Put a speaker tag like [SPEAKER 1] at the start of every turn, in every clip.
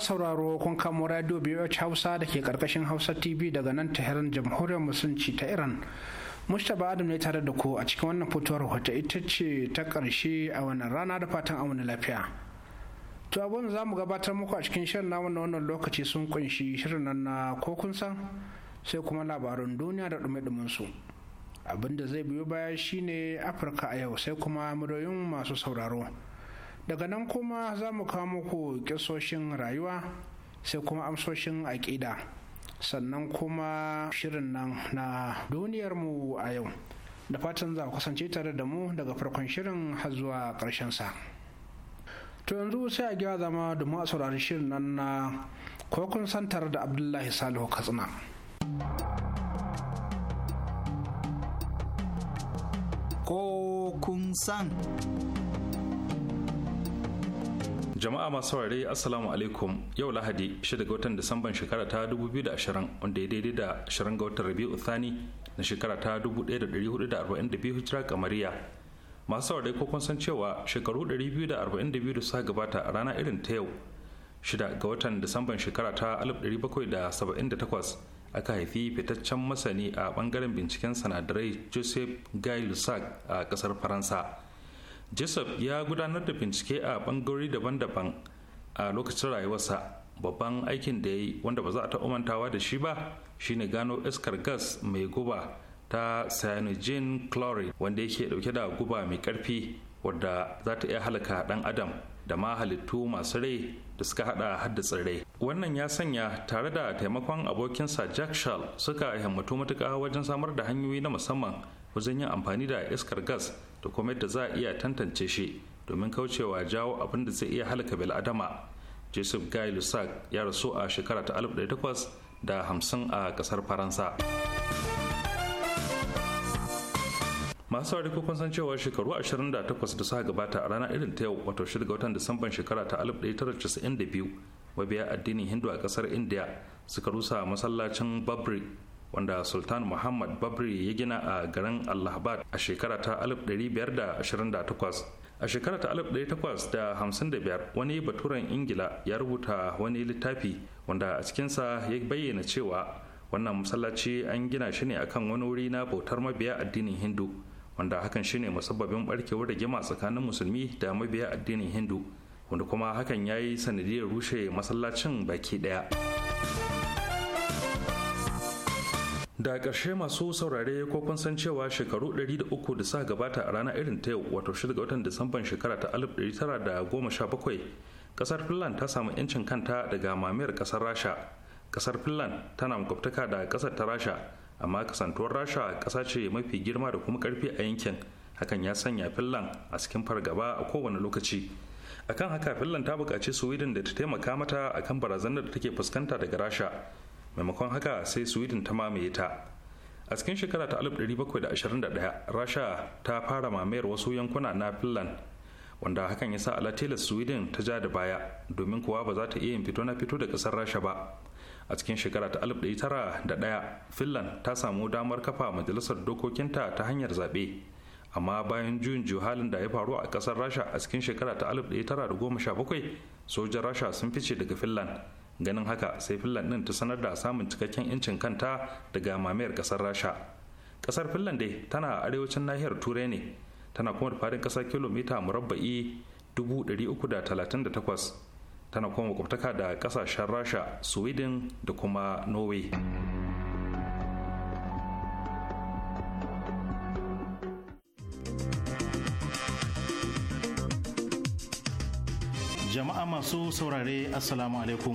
[SPEAKER 1] sauraro kun kamo radio BOH Hausa da ke karkashin Hausa TV daga nan ta herin Jamhuriyar Musulunci ta Iran. Mustapha Adam ne tare da ku a cikin wannan fotowar wata ita ce ta ƙarshe a wannan rana da fatan a wani lafiya. To abin za mu gabatar muku a cikin shirin namun na wannan lokaci sun kunshi shirin nan na ko san sai kuma labarin duniya da dume ɗumen su. Abin da zai biyo baya shine Afirka a yau sai kuma muryoyin masu sauraro. daga nan kuma za mu kawo muku kisoshin rayuwa sai kuma amsoshin aƙida sannan kuma shirin nan na duniyarmu a yau da fatan za kasance tare da mu daga farkon shirin har zuwa ƙarshen sa to yanzu sai a gyara zama domin a saurari shirin nan na kokun santar da abdullahi salihu katsina
[SPEAKER 2] Ko kun
[SPEAKER 3] san
[SPEAKER 4] jama'a masu saurare assalamu alaikum yau lahadi 6 ga watan disamban shekara ta 2020 wanda ya daidai da 20 ga watan rabiu thani na shekara ta 1442 hijira kamariya masu saurare ko kun san cewa shekaru 242 da suka gabata a rana irin ta yau 6 ga watan disamban shekara ta 1778 aka haifi fitaccen masani a bangaren binciken sanadarai joseph guy lussac a kasar faransa jessup ya gudanar da bincike a bangarori daban-daban a lokacin rayuwarsa babban aikin da ya yi wanda ba za a taɓa mantawa da shi ba shine gano iskar gas mai guba ta cyanogen chloride wanda yake dauke da guba mai karfi wadda za ta iya halaka dan adam da ma halittu masu rai da suka hada hadda tsirrai wannan ya sanya tare da taimakon abokinsa jack Shall suka himmatu matuka wajen samar da hanyoyi na musamman wajen yin amfani da iskar gas da kuma yadda za a iya tantance shi domin kaucewa jawo abin da zai iya halaka bil'adama joseph guy lusac ya rasu a shekara ta 1850 a kasar faransa masu sauri ko san cewa shekaru 28 da suka gabata a rana irin ta yau wato shirga daga watan disamban shekara ta 1992 mabiya addinin hindu a kasar india suka rusa masallacin babri wanda sultan muhammad babri ya gina a garin allahabad a shekara ta 1528 a shekara ta 1855 wani baturen ingila ya rubuta wani littafi wanda a cikinsa ya bayyana cewa wannan masallaci an gina shi ne akan wani wuri na bautar mabiya addinin hindu wanda hakan shine musabbabin barkewar da gima tsakanin musulmi da mabiya addinin hindu wanda kuma hakan ya yi sanadiyar rushe masallacin baki daya da ƙarshe masu saurare ko kun san cewa shekaru 300 da sa gabata a ranar irin ta yau wato shirga ga watan disamban shekara ta 1917 ƙasar finland ta samu 'yancin kanta daga mamayar ƙasar rasha ƙasar finland tana makwabtaka da kasar ta rasha amma kasantuwar rasha kasa ce mafi girma da kuma karfi a yankin hakan ya sanya finland a cikin fargaba a kowane lokaci akan haka finland ta buƙaci sweden da ta taimaka mata akan barazanar da take fuskanta daga rasha maimakon haka sai sweden ta mamaye ta a cikin shekara ta 1721 rasha ta fara mamayar wasu yankuna na finland wanda hakan ya sa alatilas sweden ta ja da baya domin kuwa ba za ta iya yin fito na fito da kasar rasha ba a cikin shekara ta 1901 finland ta samu damar kafa majalisar dokokinta ta hanyar zaɓe amma bayan juyin halin da ya faru a kasar rasha a cikin shekara ta 1917 sojan rasha sun fice daga finland ganin haka sai finland din ta sanar da samun cikakken incin kanta daga mamayar kasar rasha kasar finland dai tana arewacin nahiyar turai ne tana kuma da faɗin ƙasa kilomita murabba'i 338 tana kuma makwabtaka da ƙasashen rasha sweden da kuma norway
[SPEAKER 2] masu saurare assalamu alaikum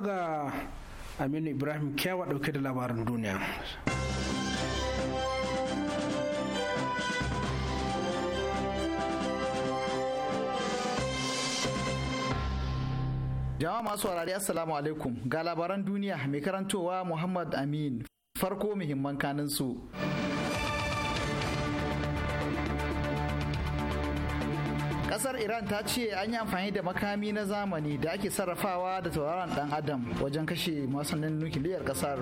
[SPEAKER 1] daga ga aminu ibrahim kyawa dauke da labaran duniya
[SPEAKER 3] jama'a masu warari assalamu alaikum ga labaran duniya mai karantowa muhammad amin farko muhimman kanin su kasar iran ta ce an yi amfani da makami na zamani da ake sarrafawa da tauraron dan adam wajen kashe masanin nukiliyar kasar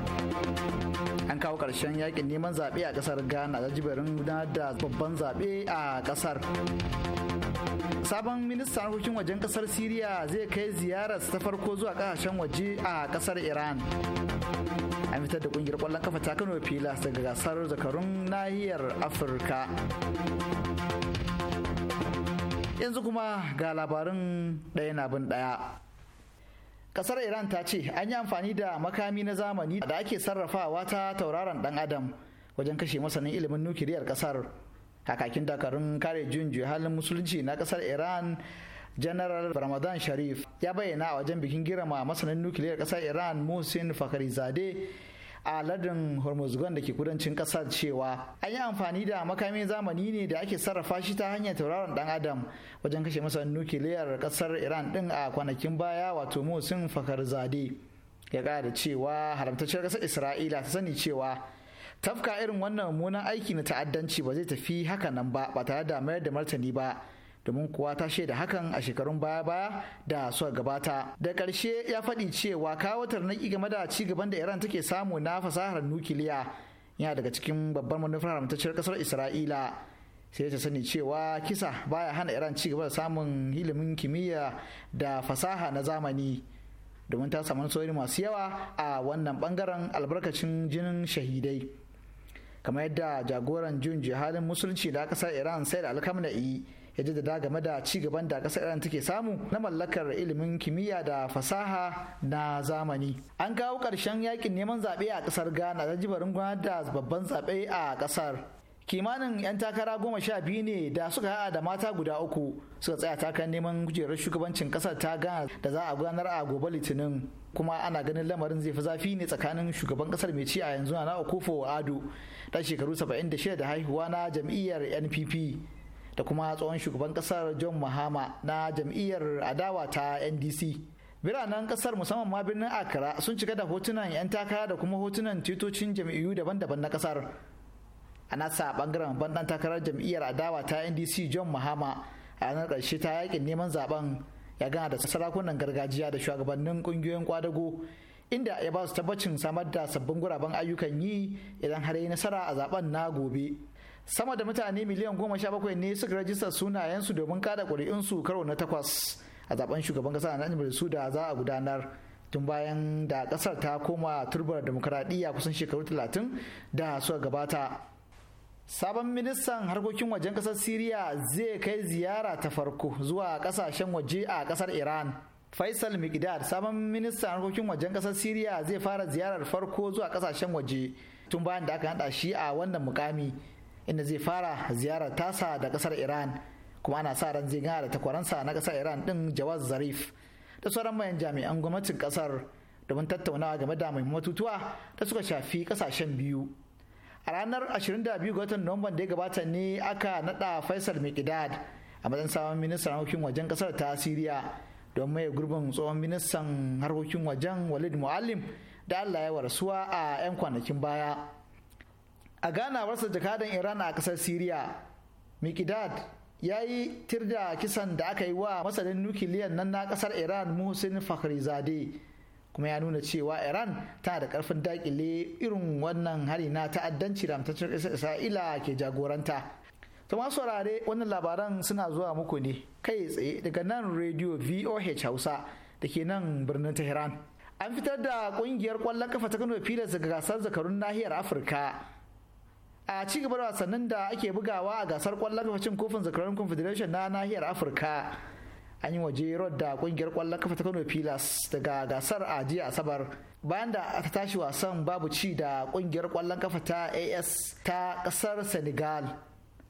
[SPEAKER 3] an kawo karshen yakin neman zaɓe a kasar ghana da jibirin gudanar da babban zaɓe a kasar sabon ministan harkokin wajen kasar siriya zai kai ziyarar ta farko zuwa kasashen waje a kasar iran an fitar da kungiyar kwallon kafa ta kano pilas daga gasar zakarun nahiyar afirka yanzu kuma ga labarin ɗaya na bin ɗaya ƙasar iran ta ce an yi amfani da makami na zamani da ake sarrafawa ta tauraron ɗan adam wajen kashe masanin ilimin nukiliyar kasar kakakin dakarun kare juyin halin musulunci na ƙasar iran general ramadan sharif ya bayyana a wajen bikin girma masanin nukiliyar ƙasar iran musin fakhrizadeh a lardin hormozgon da ke kudancin kasar cewa an yi amfani da makamin zamani ne da ake sarrafa shi ta hanyar tauraron dan adam wajen kashe masa nukiliyar kasar iran din a kwanakin baya wato musin fakar zade ya kara da cewa haramtacciyar kasar isra'ila ta sani cewa tafka irin wannan mummunan aiki na ta'addanci ba zai tafi haka nan ba ba tare da mayar da martani ba domin kuwa ta shaida hakan a shekarun baya-baya da suka gabata da ƙarshe ya faɗi cewa kawo tarnaki game da ci gaban da iran take samu na fasahar nukiliya yana daga cikin babbar manufar haramtacciyar ƙasar isra'ila sai ta sani cewa kisa baya hana iran ci gaba da samun ilimin kimiyya da fasaha na zamani domin ta samu nasarori masu yawa a wannan bangaren albarkacin jinin shahidai kamar yadda jagoran jinji halin musulunci da ƙasar iran sai da yi ya jaddada game da ci gaban da kasar iran take samu na mallakar ilimin kimiyya da fasaha na zamani an kawo ƙarshen yakin neman zaɓe a kasar ghana da jibarin gwamnati da babban zaɓe a kasar kimanin 'yan takara goma sha biyu ne da suka haɗa da mata guda uku suka tsaya takan neman kujerar shugabancin kasar ta ghana da za a gudanar a gobe litinin kuma ana ganin lamarin zai fi zafi ne tsakanin shugaban kasar mai ci a yanzu na okofo ado da shekaru 76 da haihuwa na jam'iyyar npp da kuma tsohon shugaban kasar john mahama na jam'iyyar adawa ta ndc biranen kasar musamman ma birnin akara sun cika da hotunan 'yan takara da kuma hotunan titocin jam'iyyu daban-daban na kasar a nasa bangaren bandan takarar jam'iyyar adawa ta ndc john mahama a ranar karshe ta yakin neman zaben ya gana da sarakunan gargajiya da shugabannin kungiyoyin kwadago inda ya ba su tabbacin samar da sabbin guraben ayyukan yi idan har yi nasara a zaben na gobe sama da mutane miliyan goma sha bakwai ne suka rajista sunayensu domin kada ƙuri'unsu karo na takwas a zaben shugaban ƙasa na najin su da za a gudanar tun bayan da ƙasar ta koma turbar demokuraɗiyya kusan shekaru talatin da suka gabata sabon ministan harkokin wajen kasar siriya zai kai ziyara ta farko zuwa ƙasashen waje a ƙasar iran faisal mikdad sabon ministan harkokin wajen kasar siriya zai fara ziyarar farko zuwa kasashen waje tun bayan da aka haɗa shi a wannan mukami inda zai fara ziyarar tasa da kasar iran kuma ana sa ran zai gana da takwaransa na kasar iran din jawaz zarif da sauran mayan jami'an gwamnatin kasar domin tattaunawa game da muhimman tutuwa da suka shafi kasashen biyu a ranar 22 ga watan nuwamba da ya gabata ne aka nada faisal mikidad a matsayin sabon ministan harkokin wajen kasar ta siriya don maye gurbin tsohon ministan harkokin wajen walid muallim da allah ya warasuwa a 'yan kwanakin baya a ganawarsa jakadan iran a kasar siriya mikidad ya yi tirda kisan da aka yi wa masanin nukiliyan nan na kasar iran musin fakhrizade kuma ya nuna cewa iran ta da karfin dakile irin wannan hari na ta'addanci da ƙasar isra'ila ke jagoranta ta masu saurare wannan labaran suna zuwa muku ne kai tsaye daga nan rediyo voh hausa da ke nan birnin tehran an fitar da kungiyar kwallon kafa ta kano pilas daga gasar zakarun nahiyar afirka a ci gaba da wasannin da ake bugawa a gasar kwallon kafa cin kofin zakarar confederation na nahiyar afirka an yi waje rod da kungiyar kwallon kafa ta kano pilas daga gasar a jiya asabar bayan da ta tashi wasan babu ci da kungiyar kwallon kafa ta as ta kasar senegal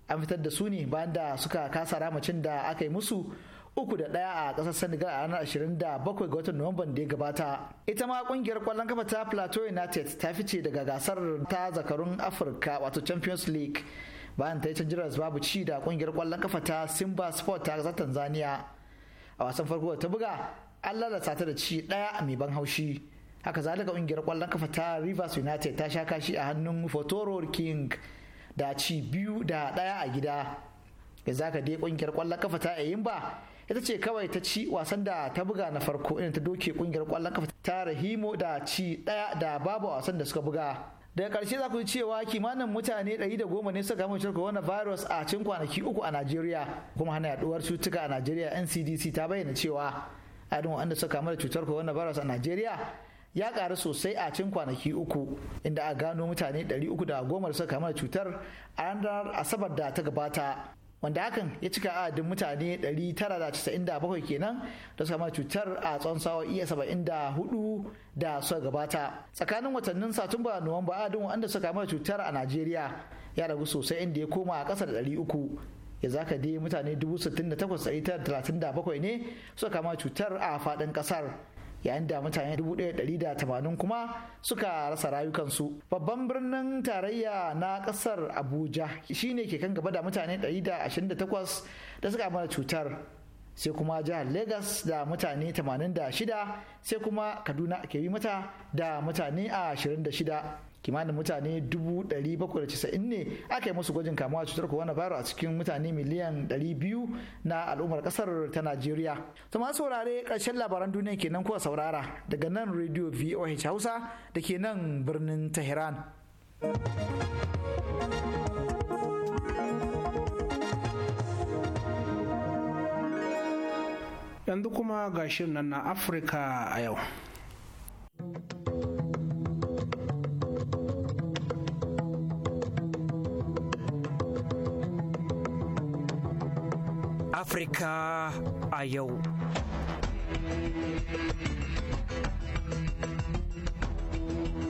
[SPEAKER 3] an fitar da su ne bayan da suka kasa ramacin da aka yi musu uku da ɗaya a ƙasar Senegal a ranar ashirin da bakwai ga watan Nuwamban da ya gabata. Ita ma ƙungiyar ƙwallon kafa ta Plateau United ta fice daga gasar ta zakarun Afirka wato Champions League bayan ta yi canjiras babu ci da ƙungiyar ƙwallon kafa ta Simba Sport ta ƙasar Tanzania. A wasan farko da ta buga an lalata ta da ci ɗaya mai ban haushi. Haka zalika ƙungiyar ƙwallon kafa ta Rivers United ta sha kashi a hannun Fotoro King da ci biyu da ɗaya a gida. Yanzu haka dai ƙungiyar ƙwallon kafa ta ba? ita ce kawai ta ci wasan da ta buga na farko inda ta doke kungiyar kwallon kafa ta rahimo da ci daya da babu wasan da suka buga daga karshe za ku ji cewa kimanin mutane 110 ne suka kamu cutar virus a cikin kwanaki uku a najeriya kuma hana yaduwar cutuka a najeriya ncdc ta bayyana cewa adadin wanda suka kamu da cutar virus a najeriya ya karu sosai a cikin kwanaki uku inda a gano mutane 310 suka kamu da cutar a ranar asabar da ta gabata wanda hakan ya cika adadin mutane 997 kenan da suka cutar a tsawon sa'o'i 74 da suka gabata tsakanin watannin satumba nuwamba adadin wanda suka mara cutar a najeriya ya ragu sosai inda ya koma a kasar 300 ya zaka dai mutane 68,937 ne suka kama cutar a faɗin ƙasar yayin da mutane 1,180 kuma suka rasa rayukansu babban birnin tarayya na kasar abuja shine ke kan gaba da mutane 128 da suka mana cutar sai kuma jihar Legas da mutane 86 sai kuma kaduna ke yi mata da mutane 26 kimanin mutane 790 ne aka yi musu gwajin kamuwa cutar virus a cikin mutane miliyan 200 na al'ummar kasar ta Najeriya. To masu saurare karshen labaran duniya kenan kuwa saurara daga nan Radio VOH Hausa da ke nan birnin Tehran. Yanzu
[SPEAKER 1] kuma ga shirin nan na Afirka a yau.
[SPEAKER 5] Afirka a yau.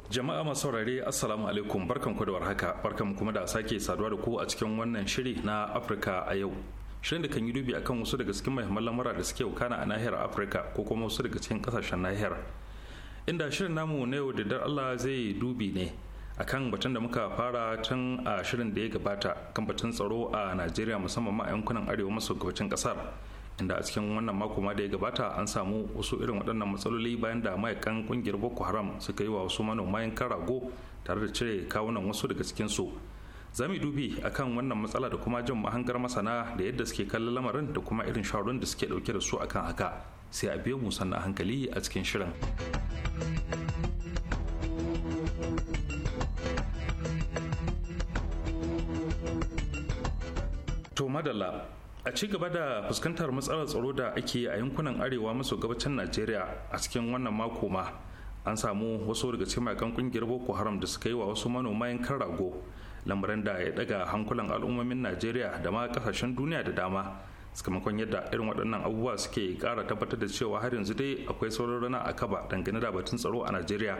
[SPEAKER 4] Jama'a masu saurare Assalamu alaikum barkanku da warhaka barkan kuma da sake saduwa da ku a cikin wannan shiri na Afirka a yau. Shirin da kan yi dubi akan wasu daga cikin muhimman lamura da suke wakana a nahiyar Afirka ko kuma wasu daga cikin kasashen nahiyar. Inda shirin namu na yau da dar Allah zai dubi ne akan batun da muka fara tun a shirin da ya gabata kan batun tsaro a najeriya musamman ma a yankunan arewa maso gabacin kasar inda a cikin wannan mako ma da ya gabata an samu wasu irin waɗannan matsaloli bayan da mayakan kungiyar boko haram suka yi wa wasu manoma yankan rago tare da cire kawunan wasu daga cikin su za mu dubi akan wannan matsala da kuma jin mahangar masana da yadda suke kallon lamarin da kuma irin shawarun da suke dauke da su akan haka sai a biyo mu sannan hankali a cikin shirin. madalla a ci gaba da fuskantar matsalar tsaro da ake a yankunan arewa maso gabacin najeriya a cikin wannan mako ma an samu wasu daga cikin makan kungiyar boko haram da suka yi wa wasu manoma yankan rago lamarin da ya daga hankulan al'ummomin najeriya da ma kasashen duniya da dama sakamakon yadda irin waɗannan abubuwa suke ƙara tabbatar da cewa har yanzu dai akwai sauran rana a kaba dangane da batun tsaro a najeriya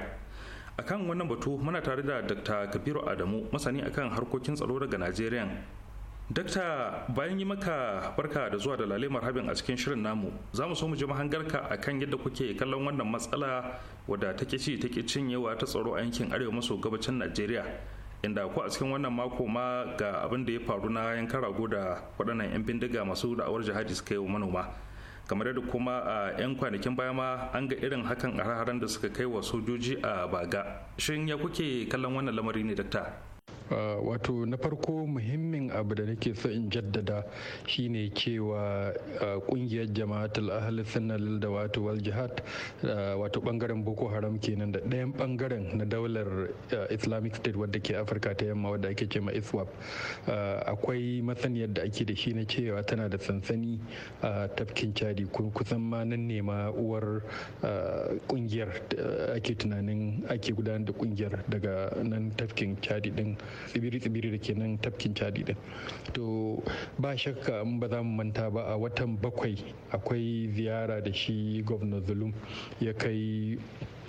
[SPEAKER 4] akan wannan batu muna tare da dr kabiru adamu masani akan harkokin tsaro daga najeriya dakta bayan yi maka barka da zuwa da lalemar habin a cikin shirin namu za mu so mu ji mahangarka a kan yadda kuke kallon wannan matsala wadda take ci take cinyewa ta tsaro a yankin arewa maso gabacin najeriya inda ko a cikin wannan mako ma ga abin da ya faru na yankan rago da waɗannan 'yan bindiga masu da'awar jihadi suka yi wa manoma kamar yadda kuma a 'yan kwanakin baya ma an ga irin hakan a da suka kai wa sojoji a baga shin ya kuke kallon wannan lamari ne dakta
[SPEAKER 6] Ah, wato na farko muhimmin abu da nake so in jaddada shine cewa kungiyar ah, jama'atul ahli sunna lil dawatu wal jihad ah, wato bangaren boko haram kenan da ɗayan bangaren na daular islamic state wadda ke afirka ta yamma wadda ake cema iswap akwai masaniyar da ake da shi na cewa tana da sansani a tafkin chadi kusan ma nan ne ma uwar kungiyar ake tunanin ake gudanar da kungiyar daga nan tafkin chadi din tsibiri-tsibiri da ke nan tafkin chadi din to ba shakka in ba za mu manta ba a watan bakwai akwai ziyara da shi gwamnan zulum ya kai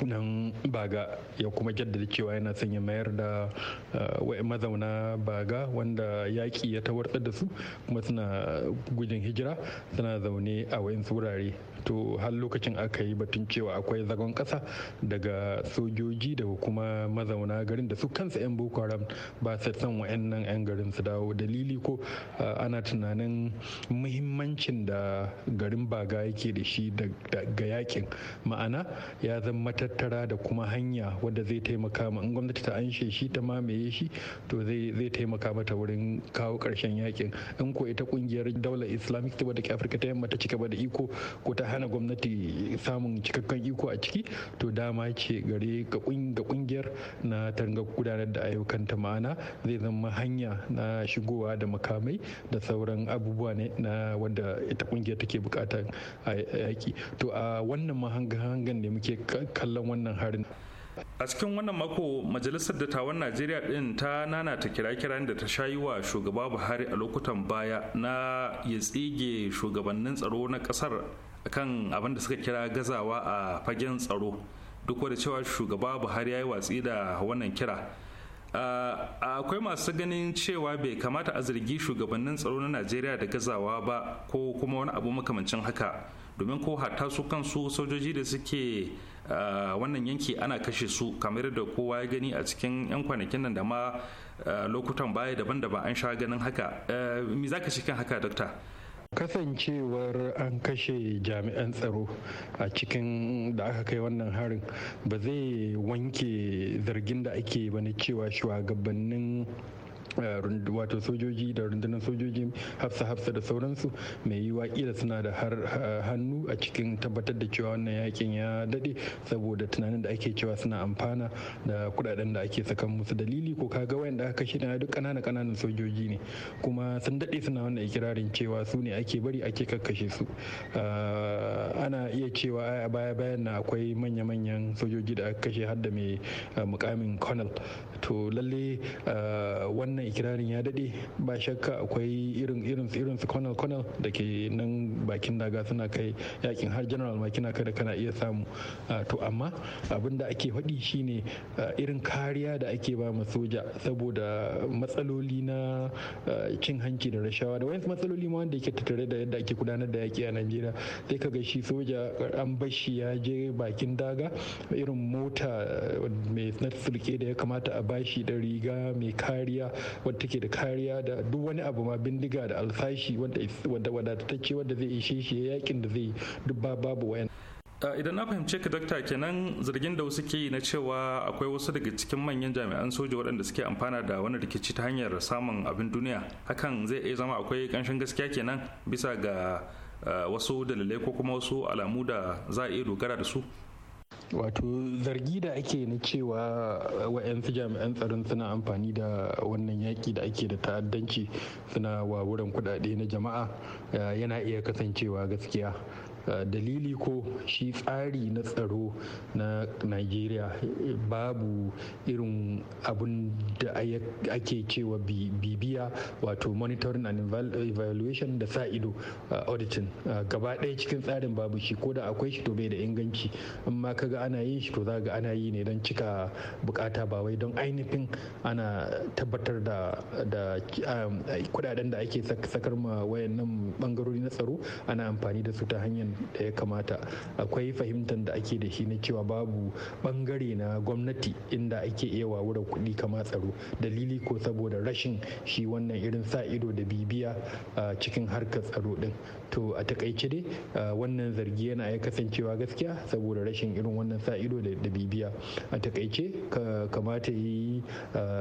[SPEAKER 6] nan baga ya kuma jaddada cewa yana son ya mayar da eh, mazauna baga wanda yaƙi ya tawartsar da su kuma suna gudun hijira suna zaune a wayansu wurare to har lokacin aka yi batun cewa akwai zagon ƙasa daga sojoji da kuma mazauna garin da su kansa 'yan boko haram ba su son nan 'yan garin su dawo dalili ko eh, ana tunanin muhimmancin da garin baga yake da shi ga yaƙin ma'ana ya zama mata tattara da kuma hanya wadda zai taimaka ma in gwamnati ta anshe shi ta mamaye shi to zai taimaka mata wurin kawo karshen yakin in ko ita kungiyar daular islamic ta wadda ke afirka ta yamma ta ci gaba da iko ko ta hana gwamnati samun cikakken iko a ciki to dama ce gare ga kungiyar na tanga gudanar da ayyukan ta ma'ana zai zama hanya na shigowa da makamai da sauran abubuwa ne na wanda ita kungiyar take bukatar a yaki to a wannan hangan ne muke kallon kallon wannan harin
[SPEAKER 4] a cikin wannan mako majalisar dattawan najeriya din ta nana ta kira-kiran da ta shayi wa shugaba buhari a lokutan baya na ya tsige shugabannin tsaro na kasar akan abin da suka kira gazawa a fagen tsaro duk da cewa shugaba buhari ya yi watsi da wannan kira akwai masu ganin cewa bai kamata a zargi shugabannin tsaro na najeriya da gazawa ba ko kuma wani abu makamancin haka domin ko hatta su kansu sojoji da suke Eh, wannan yanki ana kashe su kamar da kowa ya gani a cikin 'yan kwanakin nan da ma eh, lokutan baya daban-daban an sha ganin haka eh, me za ka shi kan haka dokta
[SPEAKER 6] kasancewar an kashe jami'an tsaro a cikin da aka kai wannan harin ba zai wanke zargin da ake ba na cewa shugabannin Eh, wato sojoji da rundunar sojoji hafsa hafsa da sauransu mai yiwa kila suna da har hannu a cikin tabbatar da cewa wannan yakin ya dade saboda tunanin da ake cewa suna amfana da kudaden da ake sakan musu dalili ko kaga wayan da aka kashe na duk kanana kananan sojoji ne kuma sun dade suna wannan ikirarin cewa su ne ake bari ake kakkashe su eh, ana iya cewa a baya bayan na akwai manya-manyan sojoji da aka kashe har da mai eh, mukamin colonel to lalle wannan wannan ikirarin ya daɗe ba shakka akwai irin irin irin su colonel colonel da ke nan bakin daga suna kai yakin har general ma kina kada kana iya samu ah, to amma abin da ake faɗi shine ah, irin kariya da ake ba ma soja saboda matsaloli na ah, cin hanci da rashawa da wasu matsaloli ma wanda yake tattare da yadda ake gudanar da yaki a Najeriya sai kaga shi soja an bashi ya je bakin daga irin mota mai na sulke da ya kamata a bashi da riga mai kariya wadda take da kariya da duk wani abu ma bindiga da alfashi wadda wadatacce wadda zai ishe shi yakin da zai duk babu wayan
[SPEAKER 4] idan na fahimce ka dakta kenan zargin da wasu ke yi na cewa akwai wasu daga cikin manyan jami'an soja waɗanda suke amfana da wani rikici ta hanyar samun abin duniya hakan zai iya zama akwai ƙanshin gaskiya kenan bisa ga wasu dalilai ko kuma wasu alamu da za a iya dogara da su
[SPEAKER 6] wato zargi da ake na cewa wa'yansu jami'an tsaron suna amfani da wannan yaƙi da ake da ta'addanci suna wawuran kuɗaɗe na jama'a eh, yana iya kasancewa gaskiya dalili ko shi tsari na tsaro na nigeria babu irin abun da ake cewa bibiya wato monitoring and evaluation da sa ido uh, auditing uh, gaba ɗaya cikin tsarin babu shi ko da akwai shi to bai da inganci amma kaga ana yin shi to za ga ana yi ne don cika bukata ba wai don ainihin ana tabbatar da um, kudaden da ake sakar ma wayannan bangarori na tsaro ana amfani da su ta hanyar da ya kamata akwai fahimtar da ake da shi na cewa babu bangare na gwamnati inda ake iya wawura kuɗi kama tsaro dalili ko saboda rashin shi wannan irin sa ido da bibiya cikin harkar tsaro din to a takaice dai wannan zargi yana ya kasancewa gaskiya saboda rashin irin wannan sa ido da bibiya a takaice kamata yi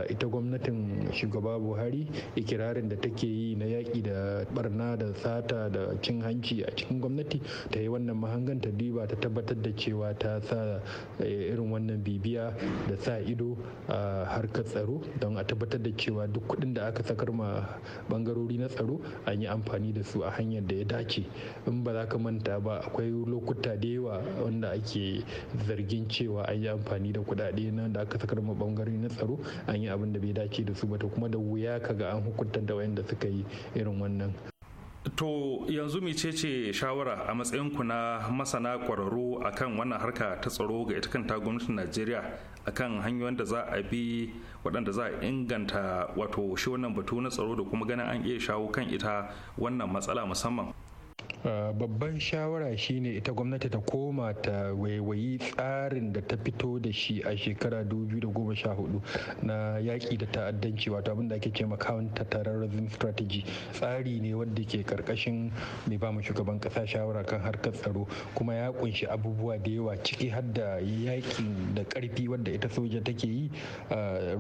[SPEAKER 6] ita gwamnatin shugaba buhari ikirarin da take yi na yaƙi da barna da sata da cin hanci a cikin gwamnati ta yi wannan mahangan ta duba ta tabbatar da cewa ta sa eh, irin wannan bibiya da sa ido a harkar tsaro don a tabbatar da cewa duk kuɗin da aka sakar ma bangarori na tsaro an yi amfani da su a hanyar da ya dace in ba za ka manta ba akwai lokuta da yawa wanda ake zargin cewa an yi amfani da kuɗaɗe na da aka sakar ma bangarori na tsaro an yi abin da bai dace da su ba to kuma da wuya ka ga an hukunta da wayanda suka yi irin wannan
[SPEAKER 4] To yanzu ce shawara a matsayinku na masana ƙwararru akan wannan harka ta tsaro ga ita kanta gwamnatin Najeriya akan hanyoyin da za a bi waɗanda za a inganta wato shi wannan batu na tsaro da kuma ganin an iya shawo kan ita wannan matsala musamman.
[SPEAKER 6] babban shawara shine ita gwamnati ta koma ta waiwayi tsarin da ta fito da shi a shekara 2014 na yaƙi da ta'addanci wato abin da ake ce ma counter terrorism strategy tsari ne wanda ke karkashin mai ba mu shugaban ƙasa shawara kan harkar tsaro kuma ya kunshi abubuwa da yawa ciki har da yaƙin da ƙarfi wadda ita soja take yi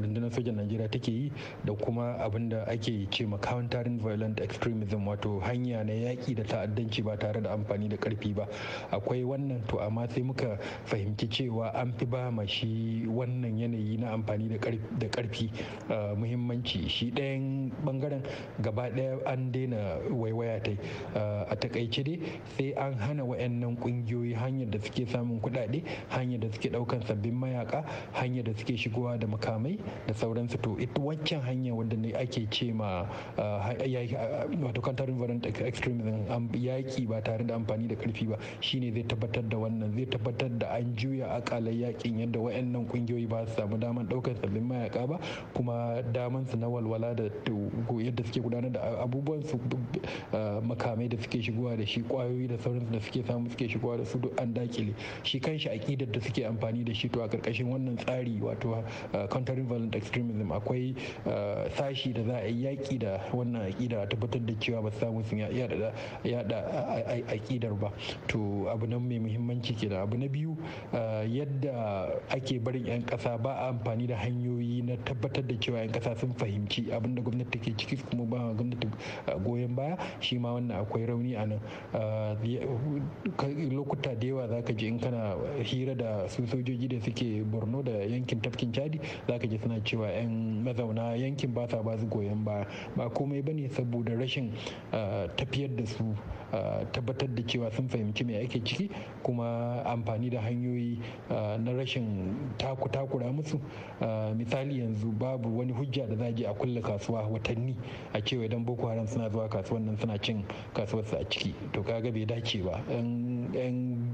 [SPEAKER 6] rundunar sojan najeriya take yi da kuma abin da ake ce countering violent extremism wato hanya na yaƙi da ta'addanci aiki ba tare da amfani da karfi ba akwai wannan to amma sai muka fahimci cewa an fi ba ma shi wannan yanayi na amfani da karfi ah, muhimmanci shi ɗayan bangaren gaba ɗaya an daina waiwaya ta ah, a takaice dai sai an hana wayannan kungiyoyi hanyar da suke samun kuɗaɗe hanyar da suke ɗaukan sabbin mayaka hanyar da suke shigowa da makamai da sauransu to ita waccan hanya wanda ne ake ce ma ah, wato counter extremism ya yaƙi ba tare da amfani da ƙarfi ba shi ne zai tabbatar da wannan zai tabbatar da an juya akalar yaƙin yadda wayannan ƙungiyoyi ba su samu daman ɗaukar sabbin mayaka ba kuma daman su na walwala da yadda suke gudanar da abubuwan su eh, makamai da suke shigowa da shi ƙwayoyi da sauransu da suke samu suke shigowa da su duk an dakile shi kanshi aƙidar da suke amfani da shi to a ƙarƙashin wannan tsari wato eh, countering violent extremism akwai eh, sashi da za a yi yaƙi da wannan aƙida a tabbatar da cewa ba su samu sun yada aƙidar ba to abu nan mai muhimmanci kenan abu na biyu yadda ake barin 'yan ƙasa ba a amfani da hanyoyi na tabbatar da cewa 'yan ƙasa sun fahimci abinda da gwamnati ke ciki kuma ba gwamnati goyon baya shi ma wannan akwai rauni a nan lokuta da yawa zaka ji in kana hira da su sojoji da suke borno da yankin tafkin chadi zaka ji suna cewa 'yan mazauna yankin ba sa ba su goyon baya ba komai bane saboda rashin tafiyar da su tabbatar da cewa sun fahimci me ake ciki kuma amfani da hanyoyi ah, na rashin takura musu ah, misali yanzu babu wani hujja da za a je a kulle kasuwa watanni a cewa idan boko haram suna zuwa kasuwan nan suna cin kasuwarsu a ciki to kaga bai dace ba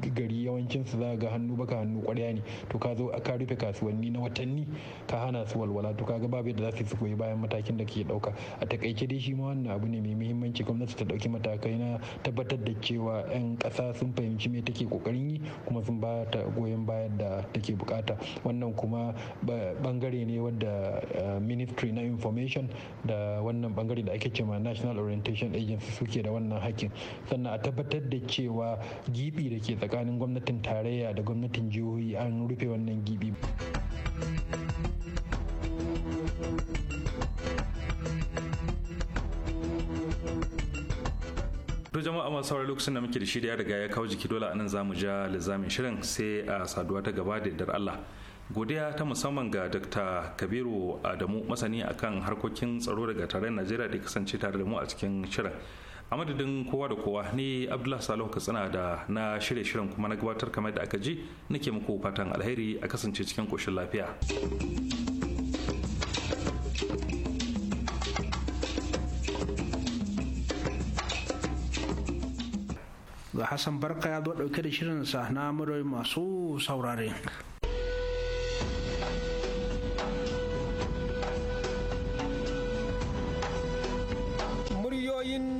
[SPEAKER 6] gari yawancin su za ga hannu baka hannu kwarya ne to ka zo ka rufe kasuwanni na watanni ka hana su walwala to kaga babu yadda za su koyi bayan matakin da kake dauka a takaice dai shi ma wannan abu ne mai muhimmanci gwamnati ta dauki matakai na tabbatar da cewa yan kasa sun fahimci me take kokarin yi kuma sun ba ta goyon bayan da take bukata wannan kuma bangare ne wadda eh, ministry na information da wannan bangare da ake cewa national orientation agency suke da wannan hakkin sannan a tabbatar da cewa gibi da ke tsakanin gwamnatin tarayya da gwamnatin jihohi an rufe wannan gibi.
[SPEAKER 4] To jama'a masu saurari lokacin da muke da shirya daga ya kawo jiki dole anan zamu ja lizamin shirin sai a saduwa ta gaba da dar Allah. Godiya ta musamman ga Dr. Kabiru Adamu masani akan harkokin tsaro daga tarayyar Najeriya da kasance tare da mu a cikin shirin. a madadin kowa da kowa ne abdullahi salihu katsina da na shirye shirin kuma na gabatar kamar da aka ji nake muku fatan alheri a kasance cikin koshin lafiya
[SPEAKER 1] ga hassan barka ya zo dauke da shirinsa na muryoyi masu saurare
[SPEAKER 7] muryoyin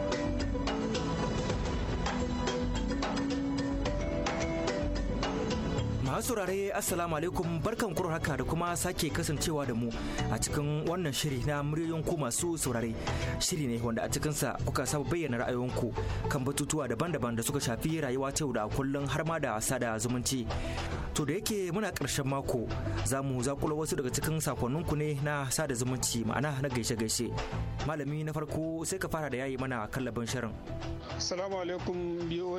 [SPEAKER 6] Masu saurare Assalamu alaikum barkan kuro haka da kuma sake kasancewa da mu a cikin wannan shiri na muryoyin ku masu saurare. Shiri ne wanda a cikinsa kuka saba bayyana ra'ayoyinku kan batutuwa daban-daban da suka shafi rayuwa ta yau da kullum har ma da sada zumunci. To da yake muna karshen mako za mu zakula wasu daga cikin sakonnin ku ne na sada zumunci ma'ana na gaishe-gaishe. Malami na farko sai ka fara da yayi mana kallabin shirin.
[SPEAKER 7] Assalamu alaikum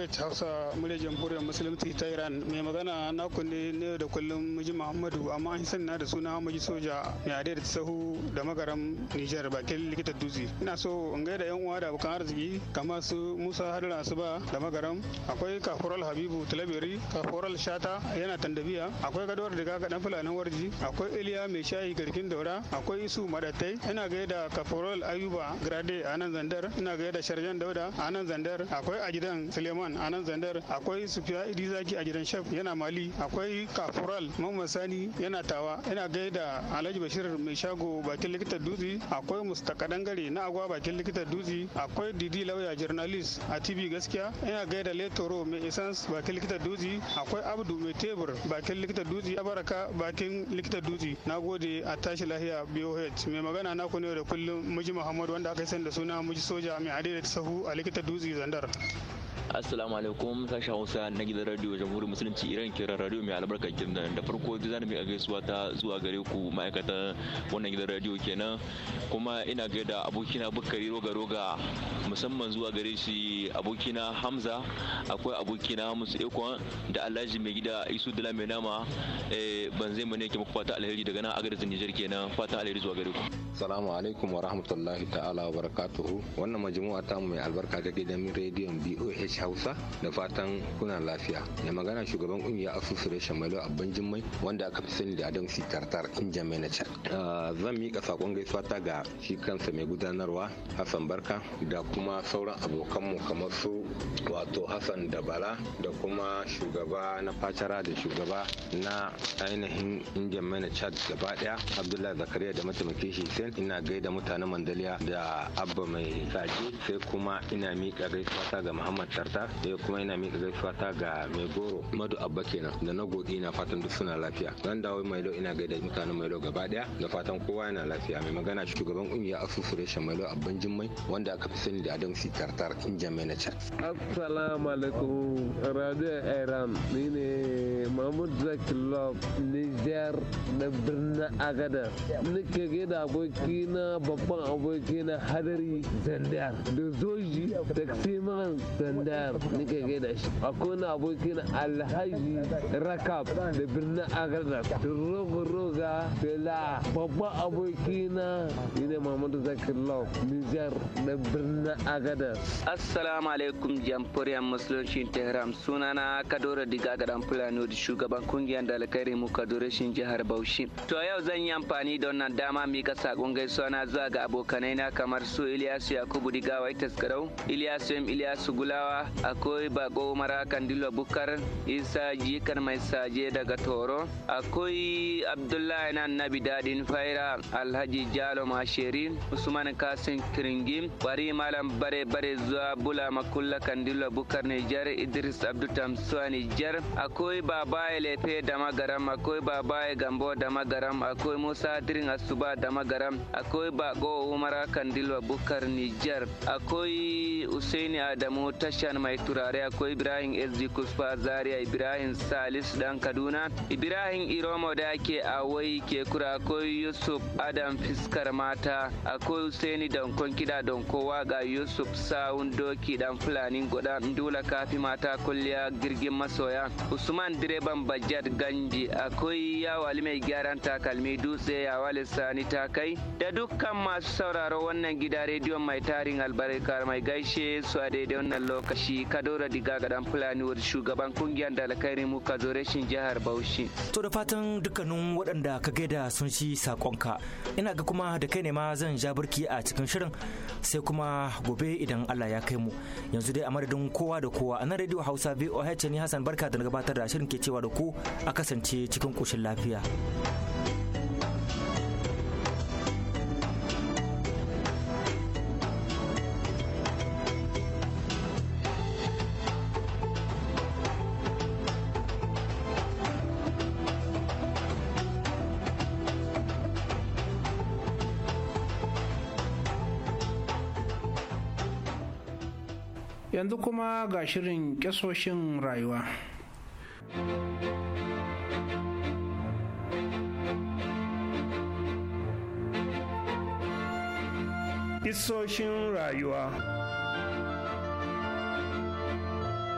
[SPEAKER 7] ta Hausa murya jamhuriyar Musulunci ta Iran mai magana naku kulle na yau da kullum miji muhammadu amma an sani na da suna miji soja mai adai da sahu da magaram nijar bakin likitan dutse ina so in gaida yan uwa da abokan arziki kamar su musa su asuba da magaram akwai kafural habibu talabiri kafural shata yana tandabiya akwai gadawar da gaga dan fulanin warji akwai iliya mai shayi garkin daura akwai isu madatai ina gaida kafural ayuba grade a nan zandar ina gaida sharjan dauda a nan zandar akwai ajidan suleiman a nan zandar akwai sufiya idizaki a gidan shaf yana mali akwai kafural mamman sani yana tawa yana gaida alhaji bashir mai shago bakin likitan dutse akwai mustakadangare na agwa bakin likita dutse akwai didi lauya journalist a tv gaskiya yana gaida letoro mai isans bakin likita dutse akwai abdu mai tebur bakin likita dutse abaraka bakin likita dutse na gode a tashi lahiya boh mai magana na ku ne da kullum muji muhammad wanda aka sani da suna muji soja mai adaidaita sahu a likita dutse zandar
[SPEAKER 8] assalamu alaikum sashen hausa na gidan radio jamhuriyar musulunci iran kiran radio mai albarka kenan da farko zan mai gaisuwa ta zuwa gare ku ma'aikatan wannan gidan radio kenan kuma ina gaida abokina bukari roga roga musamman zuwa gare shi abokina hamza akwai abokina Musa ikon da alhaji mai gida isu dala mai nama eh, ban zai mane ke muku fata alheri daga nan agadar nijar kenan fata alheri zuwa gare ku assalamu alaikum wa rahmatullahi ta'ala wa barakatuhu wannan majmu'a ta mai albarka ga gidan radio BOA h Hausa da fatan kuna lafiya. Da magana shugaban kungiyar asusu reshen a Abban Jummai wanda aka fi sani da Adam C. Tartar Manager. Ah, zan miƙa sakon gaisuwa ta ga shi kansa mai gudanarwa Hassan Barka da kuma sauran abokanmu kamar su wato Hassan da Bala da kuma shugaba na fatara da shugaba na ainihin Indian Manager gaba daya Abdullahi Zakariya da mataimakin shi ina gaida mutanen Mandaliya da Abba mai kaji sai kuma ina mika gaisuwa ta ga Muhammad tarta da eh, kuma yana miƙa gaisuwa ta ga mai goro madu abba kenan da na godi na fatan duk suna lafiya zan dawo mailo ina gaida mutanen mailo gaba daya da fatan kowa yana lafiya mai magana shugaban kungiyar asusu reshen mailo abban jimmai wanda aka fi sani da adam si tartar na manager
[SPEAKER 5] assalamu alaikum radio iran ni ne mahmud zaki love niger na birnin agada nake gaida abokina babban abokina hadari zandar da zoji taksiman da nike gaida shi akwai na abokin alhaji rakab da birnin agarda rogo roga fela babban abokina ne mamadu zakir lau nijar da birnin agadar assalamu alaikum jamhuriyar musulunci tehran sunana kadoro diga gadan fulani da shugaban kungiyar dalakari mu kadoro shin jihar bauchi to yau zan yi amfani da wannan dama ka sakon gaisuwa na zuwa ga abokanai na kamar su iliyasu yakubu diga waitas garau iliyasu yam iliyasu gulawa Nasarawa akwai Bako Mara dilo Bukar Isa Jikar Mai Saje daga Toro akwai Abdullahi na Nabi Dadin Faira Alhaji Jalo Mashiri Usman kasin Kiringim Bari Malam Bare Bare zuwa Bula Makulla dilo Bukar Nijar Idris Abdu Tamsuwa Nijar akwai Babaye Lefe da Magaram akwai Babaye Gambo da Magaram akwai Musa Dirin Asuba da Magaram akwai Bako Umara dilo Bukar Nijar akwai Usaini Adamu Tashi Shan mai turare akwai Ibrahim SG Kusfa Zaria Ibrahim salis dan Kaduna Ibrahim Iromo da ke awai ke kura akwai Yusuf Adam Fiskar Mata akwai Husaini Dankon Kida Donko Waga Yusuf Sawun Doki Dan Fulani Goda Ndula Kafi Mata Kulliya Girgin Masoya Usman Direban Bajad Ganji akwai Yawali Mai Gyaran Takalmi Dutse Yawali Sani Takai da dukkan masu sauraro wannan gida rediyon mai tarin albarka mai gaishe su a daidai wannan lokaci. ka kadora diga ga dan wani shugaban kungiyar dalakairi muka zo rashin jihar bauchi
[SPEAKER 6] to da fatan dukkanin waɗanda ka gaida sun shi sakonka ina ga kuma da kai ne ma zan ja burki a cikin shirin sai kuma gobe idan allah ya
[SPEAKER 8] kai mu yanzu dai a madadin kowa da kowa a nan rediyo hausa voh ni hassan barka da na gabatar da shirin ke
[SPEAKER 6] cewa da ku a kasance cikin koshin lafiya.
[SPEAKER 1] yanzu kuma ga shirin kyasoshin rayuwa
[SPEAKER 9] Isoshin rayuwa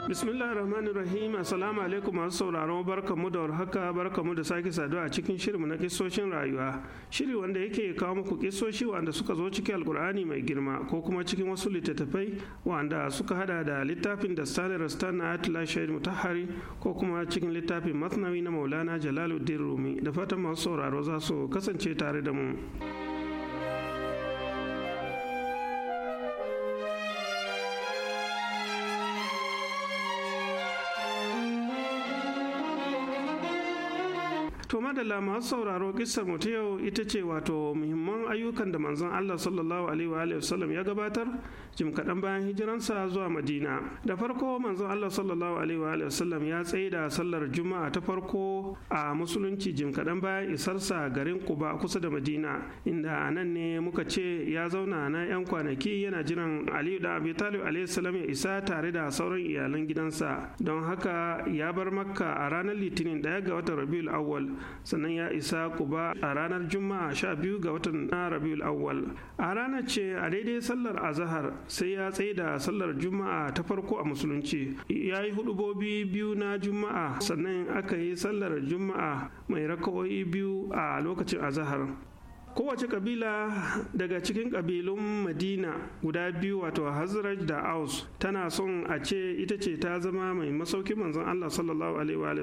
[SPEAKER 9] bismillah rahman rahim assalamu alaikum masu sauraron barkamu da warhaka barkamu da sake saduwa a cikin shirinmu na kisoshin rayuwa shiri wanda yake kawo muku kisoshi wanda suka zo cikin alkur'ani mai girma ko kuma cikin wasu littattafai wanda suka hada da littafin da stanley rastan na atila shahid mutahari ko kuma cikin littafin masnawi na maulana jalaluddin rumi da fatan masu sauraro za su kasance tare da mu. To madalla masu sauraro kisar mu ta yau ita ce wato muhimman ayyukan da manzon Allah sallallahu alaihi wa sallam ya gabatar jim kaɗan bayan hijiransa zuwa madina da farko manzon allah sallallahu alaihi wa sallam ya tsaida sallar juma'a ta farko a musulunci jim kaɗan bayan isarsa garin kuba kusa da madina inda a nan ne muka ce ya zauna na 'yan kwanaki yana jiran aliyu da abi talib alaihi salam ya isa tare da sauran iyalan gidansa don haka ya bar makka a ranar litinin ɗaya ga watan rabiul awwal sannan ya isa kuba a ranar juma'a sha biyu ga watan rabiul awwal a ranar ce a daidai sallar azahar sai ya tsaye da sallar juma'a ta farko a musulunci ya yi hudubobi biyu na juma'a sannan aka yi sallar juma'a mai rakawoyi biyu a lokacin azahar kowace kabila daga cikin kabilun madina guda biyu wato hazraj da aus tana son a ce ita ce ta zama mai masauki manzon allah sallallahu alaihi wa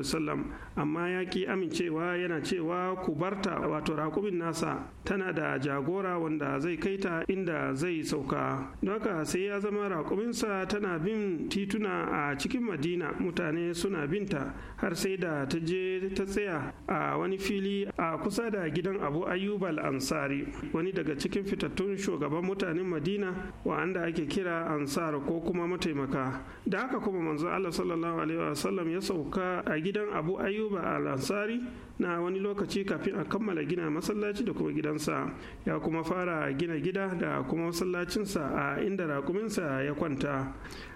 [SPEAKER 9] amma ya ki amincewa yana cewa ku barta wato rakumin nasa tana da jagora wanda zai kai ta inda zai sauka haka sai ya zama raƙuminsa tana bin tituna a cikin madina mutane suna binta har sai da ta je ta tsaya a wani fili a kusa da gidan abu ayyubal ansari wani daga cikin fitattun shugaban mutanen madina wa'anda ake kira ansar ko kuma mataimaka da haka kuma manzo allah sallallahu alaihi wasallam ya sauka a gidan abu ayuba al ansari na wani lokaci kafin a kammala gina masallaci da kuma gidansa ya kuma fara gina gida da kuma masallacinsa a inda raƙuminsa ya kwanta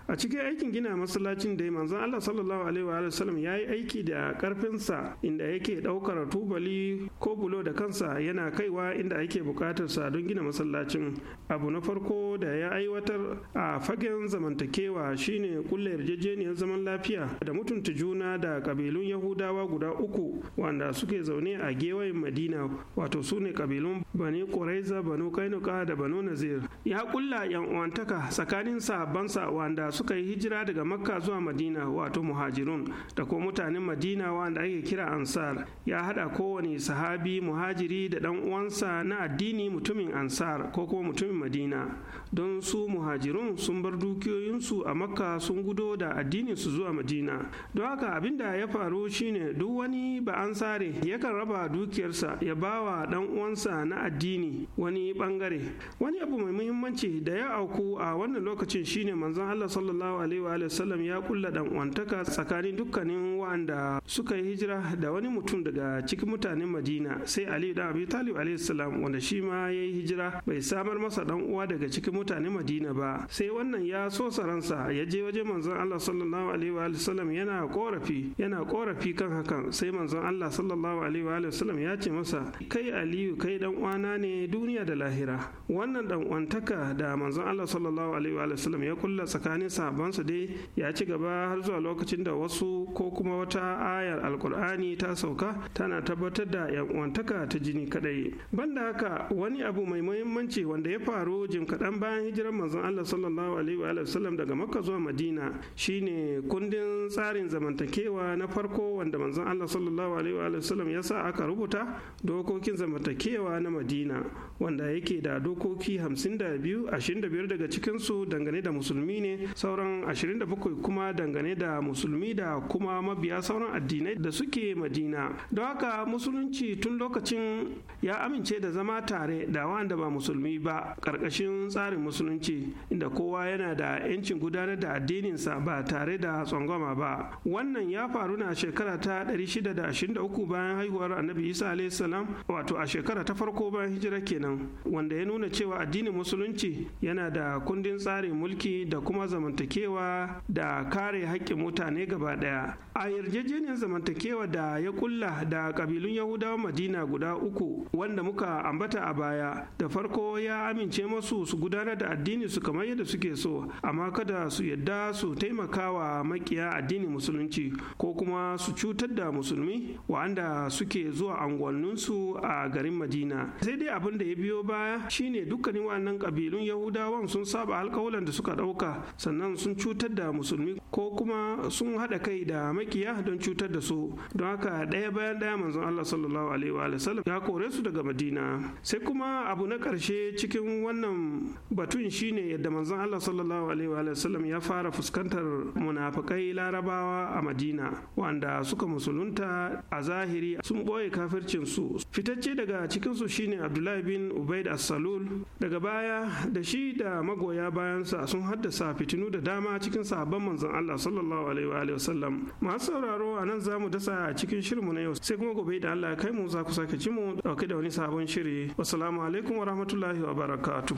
[SPEAKER 9] a cikin aikin gina masallacin da manzon Allah sallallahu alaihi wa sallam ya aiki da karfinsa inda yake daukar tubali ko bulo da kansa yana kaiwa inda ake bukatar sa don gina masallacin abu na farko da ya aiwatar a fagen zamantakewa shine kulle yarjejeniyar zaman lafiya da mutunta juna da kabilun yahudawa guda uku wanda suke zaune a gewayen madina wato sune kabilun bani quraiza banu kainuka da banu nazir ya kulla yan uwantaka tsakanin Bansa, wanda suka yi hijira daga makka zuwa madina wato muhajirun da kuma mutanen madina wanda ake kira ansar ya hada kowane sahabi muhajiri da dan uwansa na addini mutumin ansar ko kuma mutumin madina don su muhajirun sun bar dukiyoyinsu a makka sun gudo da addinin su zuwa madina don haka abin da ya faru shine duk wani ba ansare yakan raba dukiyarsa ya bawa dan uwansa na addini wani bangare wani abu mai muhimmanci da ya auku a wannan lokacin shine manzon Allah sallallahu alaihi wa ya kulla dan wantaka tsakanin dukkanin wanda suka yi hijira da wani mutum daga cikin mutanen Madina sai Ali da Abi Talib alaihi salam wanda shi ma ya yi hijira bai samar masa dan uwa daga cikin mutanen Madina ba sai wannan ya so saransa ya je waje manzon Allah sallallahu alaihi wa yana korafi yana korafi kan hakan sai manzon Allah sallallahu alaihi wa ya ce masa kai Aliyu kai dan uwana ne duniya da lahira wannan dan wantaka da manzon Allah sallallahu alaihi wa ya kulla tsakanin sabonsa dai ya ci gaba har zuwa lokacin da wasu ko kuma wata ayar alkur'ani ta sauka tana tabbatar da yan ta jini kadai banda haka wani abu mai muhimmanci wanda ya faru jim kaɗan bayan hijirar manzon Allah sallallahu alaihi wa sallam daga Makka zuwa Madina shine kundin tsarin zamantakewa na farko wanda manzon Allah sallallahu alaihi wa sallam ya sa aka rubuta dokokin zamantakewa na Madina wanda yake da dokoki 52 25 daga cikin dangane da musulmi ne sauran 27 kuma dangane da musulmi da kuma mabiya sauran addinai da suke madina don haka musulunci tun lokacin ya amince da zama tare da wanda ba musulmi ba karkashin tsarin musulunci inda kowa yana da 'yancin gudanar da addininsa ba tare da tsangwama ba wannan ya faru na shekara ta 623 bayan haihuwar annabi isa salam wato a shekara ta farko bayan hijira kenan wanda ya nuna cewa addinin musulunci yana da kundin tsarin mulki da kuma zamantakewa zamantakewa da kare haƙƙin mutane gaba ɗaya a yarjejeniyar zamantakewa da ya kulla da ƙabilun yahudawa madina guda uku wanda muka ambata a baya da farko ya amince masu su gudanar da addini su kamar yadda suke so amma kada su yadda su taimakawa makiya addinin musulunci ko kuma su cutar da musulmi wa'anda suke zuwa anguwanninsu a garin madina sai dai abin da ya biyo baya shine dukkanin wannan ƙabilun yahudawan sun saba alkawalan da suka ɗauka sannan nan sun cutar da musulmi ko kuma sun haɗa kai da makiya don cutar da su don haka ɗaya bayan ɗaya manzon Allah sallallahu alaihi wa sallam ya kore su daga Madina sai kuma abu na ƙarshe cikin wannan batun shine yadda manzon Allah sallallahu alaihi wa sallam ya fara fuskantar munafikai larabawa a Madina wanda suka musulunta a zahiri sun boye kafircin su fitacce daga cikin su shine Abdullahi bin Ubaid as-Salul daga baya da shi da magoya bayansa sun haddasa fitinu maganganu da dama cikin sabon manzon Allah sallallahu alaihi wa wasallam masu sauraro a nan zamu dasa a cikin shirinmu na yau sai kuma gobe da Allah kai mu za ku sake ci mu dauke da wani sabon shiri wassalamu alaikum wa rahmatullahi wa barakatuh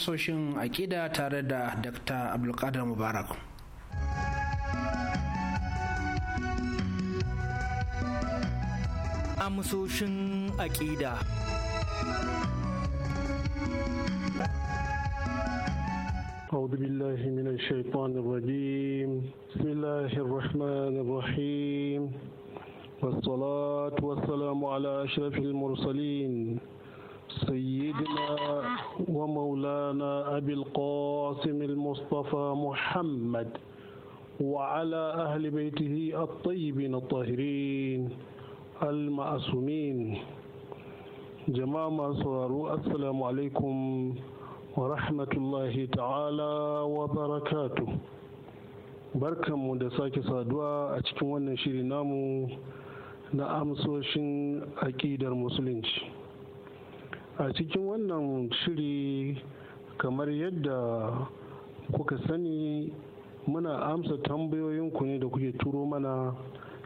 [SPEAKER 1] amsoshin aƙida tare da dr abdulkadir mubarak
[SPEAKER 6] amsoshin aƙida
[SPEAKER 10] أعوذ بالله من الشيطان الرجيم بسم الله الرحمن الرحيم والصلاة والسلام على أشرف المرسلين سيدنا ومولانا أبي القاسم المصطفى محمد وعلى أهل بيته الطيبين الطاهرين المعصومين جماعة صاروا السلام عليكم ورحمة الله تعالى وبركاته بركة da sake saduwa a cikin نعم shiri namu na a cikin wannan shiri kamar yadda kuka sani muna amsa tambayoyin ku ne da kuke turo mana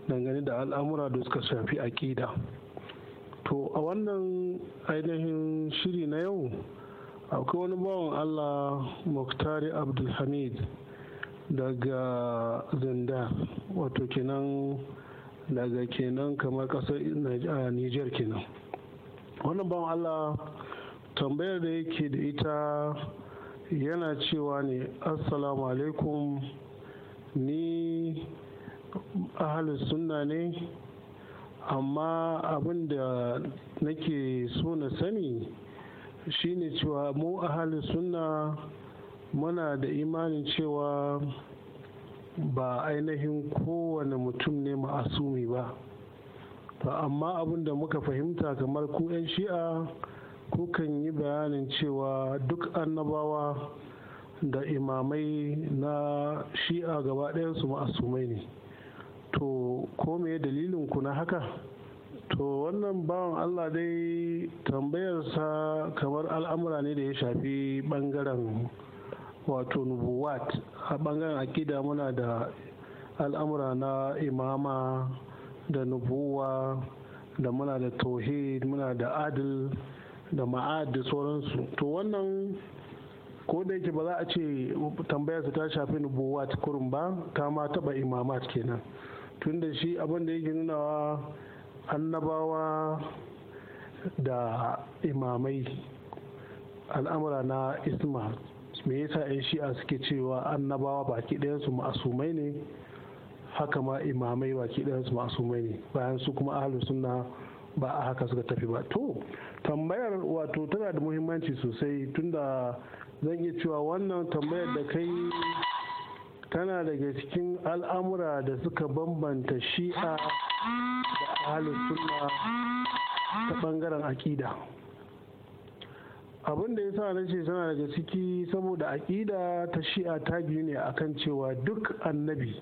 [SPEAKER 10] dangane da al'amura da suka shafi aƙida to a wannan ainihin shiri na yau akwai wani bawan allah muktari abdulhamid daga zindar wato kenan daga kenan kamar ƙasar niger kenan wannan ban allah tambayar da yake da ita yana cewa ne assalamu alaikum ni ahalin sunna ne amma abin da nake so na sani shine cewa mu ahalin sunna muna da imanin cewa ba ainihin kowane mutum ne ma'asumi ba to amma abin da muka fahimta kamar ku 'yan shi'a kukan yi bayanin cewa duk annabawa da imamai na shi'a gaba su ma'asumai ne to ko me dalilin ku na haka to wannan bawan allah dai tambayarsa kamar al'amura ne da ya shafi bangaren wato nubuwat a bangaren akida muna da al'amura na imama da nubuwa da muna da tauhid muna da adil da ma'ad da sauransu to wannan ko da yake ba za a ce tambayarsu ta shafi nubuwa ta kurum ba ta ma taba imamat kenan tunda shi abin da yake nunawa annabawa da imamai al'amura na isma me yasa 'yan shi'a suke cewa annabawa baki ɗayansu ma'asumai ne haka ma imamai baki ɗayansu masu ne bayan su kuma ahlus suna ba a haka suka tafi ba to tambayar wato tana da muhimmanci sosai tunda zan iya cewa wannan tambayar da kai tana daga cikin al'amura da suka bambanta shi'a da ahalus sunna ta bangaren aƙida abin da ya sa na ce tana daga ciki saboda aƙida ta shi'a ta biyu ne akan cewa duk annabi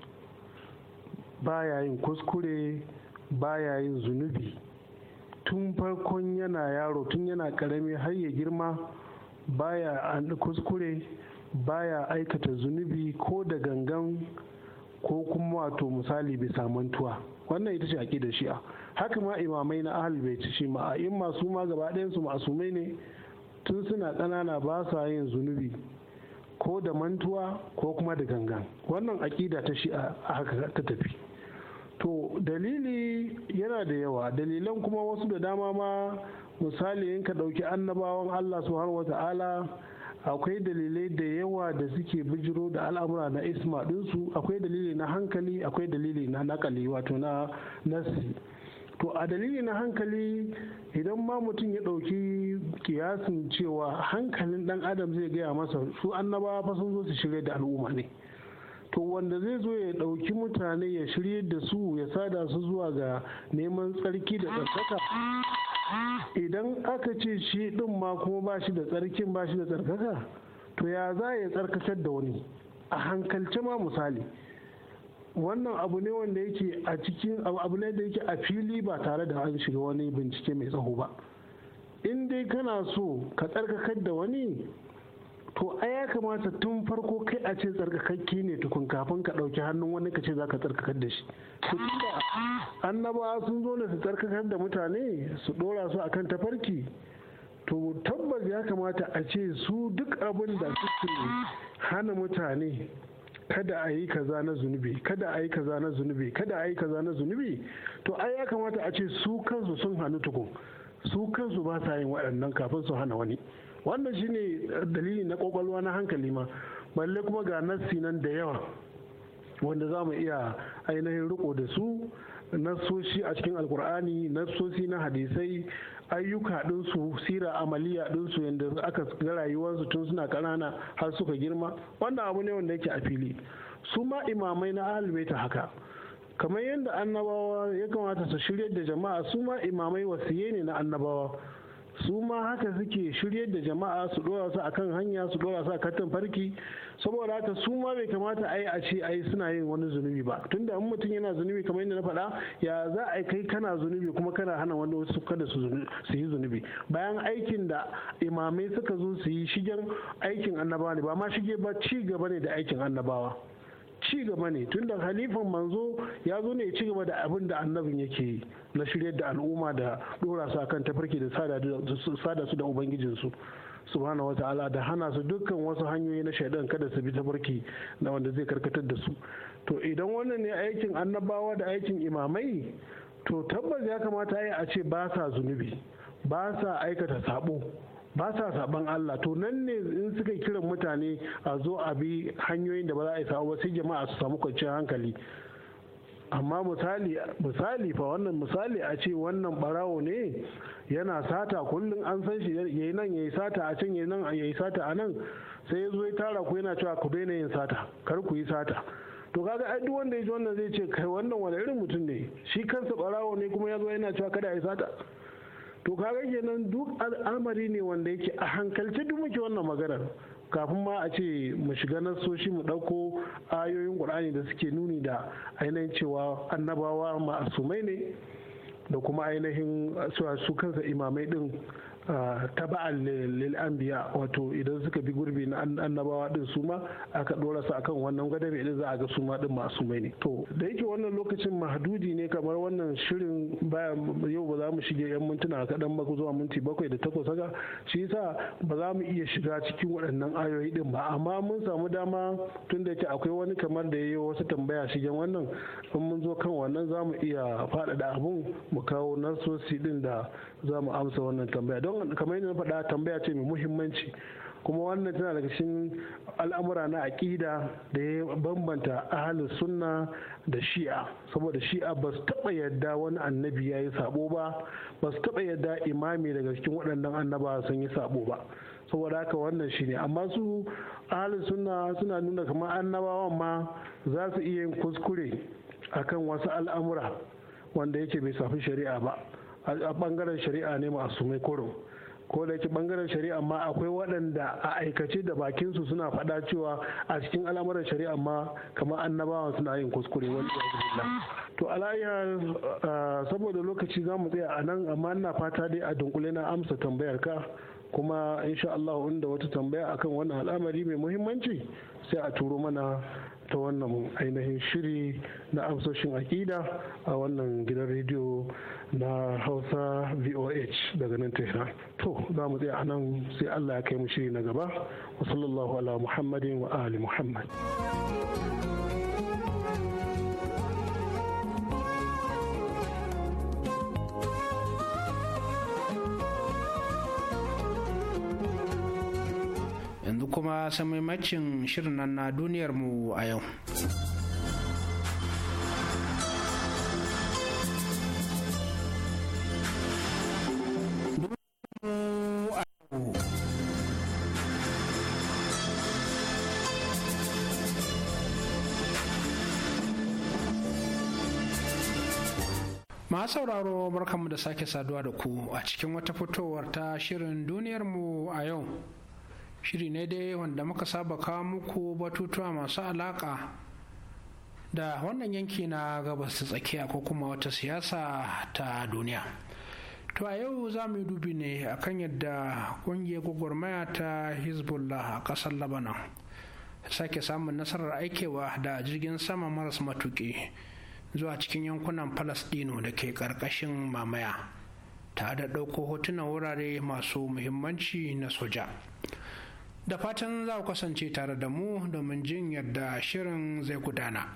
[SPEAKER 10] baya yin kuskure baya yin zunubi tun farkon yana yaro tun yana karami har ya girma baya kuskure baya aikata zunubi ko da gangan ko kuma wato misali bisa mantuwa wannan ita ce da shi'a haka ma imamai na ahal bai ci shi A in masu ma gaba ɗayansu masumai ne tun suna ƙanana ba sa yin zunubi ko da mantuwa ko kuma da gangan wannan aƙida ta shi'a haka ta tafi to dalili yana da yawa dalilan kuma wasu da dama ma misali in ka ɗauki annabawan allah subhanahu wata'ala akwai dalilai da yawa da suke bijiro da al'amura na isma ɗinsu akwai dalili na hankali akwai dalili na nakali wato na nasi to a dalili na hankali idan ma mutum ya ɗauki kiyasin cewa hankalin ɗan adam zai gaya masa su annabawa fa sun zo su shirya da al'umma ne to wanda zai zo ya ɗauki mutane ya shirye da su ya sada su zuwa ga neman tsarki da tsarkaka idan aka ce shi ɗin ma kuma ba shi da tsarkin ba shi da tsarkaka to ya za ya tsarkakar da wani a hankalce ma misali wannan abu ne wanda yake a cikin abu ne da yake a fili ba tare da an shiga wani bincike mai tsaho ba in dai kana so ka tsarkakar da wani to a ya kamata tun farko kai a ce tsarkakakke ne tukun kafin ka ɗauki hannun wani ka ce za ka tsarkakar da shi to tunda annabawa sun zo ne su tsarkakar da mutane su ɗora su akan tafarki to tabbas ya kamata a ce su duk abin da suke hana mutane kada a yi kaza na zunubi kada a yi kaza na zunubi kada a yi kaza na zunubi to ai ya kamata a ce su kansu sun hannu tukun su kansu ba sa yin waɗannan kafin su hana wani wannan shine eh, dalili na kwakwalwa na hankali ma balle kuma ga nassi nan da yawa wanda za mu iya ainihin riko da su nassoshi a cikin alkur'ani nassoshi na hadisai ayyuka ɗinsu sira amaliya ɗinsu yadda aka ga rayuwarsu tun suna ƙanana har suka girma wannan abu ne wanda yake a fili su ma imamai na ta haka kamar yadda annabawa ya kamata su shirya da jama'a su ma imamai wasiye ne na annabawa su ma haka suke shiryar da jama'a su dora su akan hanya su dora su katin farki saboda haka su ma bai kamata a ai a ce ai suna yin wani zunubi ba tunda in mutum yana zunubi kamar yadda na faɗa ya za a kai kana zunubi kuma kana hana wani wasu kada su yi zunubi bayan aikin da imamai suka zo su yi shigen aikin annabawa ne ba ma shige ba ci gaba ne da aikin annabawa ci gaba ne tunda halifan manzo ya zo ne ya ci gaba da abin da annabin yake yi na shiryar da al'umma da dora su akan tafarki da sada su da ubangijinsu subhanahu wa ta'ala da hana su dukkan wasu hanyoyi na shaidan kada su bi tafarki na wanda zai karkatar da su to idan wannan ne aikin annabawa da aikin imamai to tabbas ya kamata a ce ba sa zunubi ba sa aikata sabo ba sa saban Allah to nan ne in suka kiran mutane a zo a bi hanyoyin da ba za a yi samu sai jama'a su samu kwanciyar hankali amma misali misali fa wannan misali a ce wannan barawo ne yana sata kullum an san shi ya yi nan ya yi sata a can ya yi nan ya yi sata a nan sai ya zo ya tara ku yana cewa ku daina yin sata kar ku yi sata to kaga ai duk wanda ya ji wannan zai ce kai wannan wani irin mutum ne shi kansa barawo ne kuma ya zo yana cewa kada ya yi sata to kaga kenan duk al'amari ne wanda yake a hankalce duk muke wannan maganar kafin ma a ce mu shiga na shi mu ɗauko ayoyin ƙur'ani da suke nuni da ainihin cewa annabawa ma'asumai ne da kuma ainihin su kansa imamai din. taba'an lil anbiya wato idan suka bi gurbi na annabawa din su ma aka dora su akan wannan gadabe idan za a ga su ma din masu mai ne to da yake wannan lokacin mahdudi ne kamar wannan shirin bayan yau ba za mu shige yan mintuna kaɗan ba zuwa minti bakwai da takwas haka shi yasa ba za mu iya shiga cikin waɗannan ayoyi din ba amma mun samu dama tun da yake akwai wani kamar da yayi wasu tambaya shigen wannan in mun zo kan wannan za mu iya faɗaɗa abun mu kawo nasosi din da za mu amsa wannan tambaya don kamar yadda na faɗa tambaya ce mai muhimmanci kuma wannan tana daga cikin al'amura na aƙida da ya bambanta ahalin sunna da shi'a saboda shi'a ba su taɓa yadda wani annabi ya yi sabo ba ba su taɓa yadda imami daga cikin waɗannan annaba sun yi sabo ba saboda haka wannan shi ne amma su ahalin sunna suna nuna kamar annabawan ma za su iya yin kuskure akan wasu al'amura wanda yake bai safi shari'a ba a bangaren shari'a ne masu mai koro ko da yake bangaren shari'a ma akwai waɗanda a aikace da bakin su suna faɗa cewa a cikin al'amuran shari'a ma kamar annabawa suna yin kuskure wani to alayya saboda lokaci za mu tsaya a nan amma ina fata dai a dunkule na amsa tambayar ka kuma insha Allah inda wata tambaya akan wannan al'amari mai muhimmanci sai a turo mana ta wannan ainihin shiri na amsoshin aƙida a wannan gidan rediyo na hausa voh daga nan tehran to za mu tsaya nan sai allah ya kai mu shiri na gaba wa sallallahu ala muhammadin wa ali muhammad
[SPEAKER 1] kuma samimacin shirin nan na duniyarmu a yau. Masu sauraro barkanmu da sake saduwa da ku a cikin wata fitowar ta shirin duniyarmu a yau. shiri ne dai wanda muka saba kawo muku batutuwa masu alaƙa da wannan yanki na gabas ta tsakiya ko kuma wata siyasa ta duniya to a yau za mu yi dubi ne a kan yadda ƙungiyar gwagwarmaya ta hezbollah a ƙasar labanan sake samun nasarar aikewa da jirgin sama maras matuƙi zuwa cikin yankunan falasdino da ke ƙarƙashin mamaya tare da ɗauko hotunan wurare masu muhimmanci na soja. da fatan za ku kasance tare da mu domin jin yadda shirin zai gudana.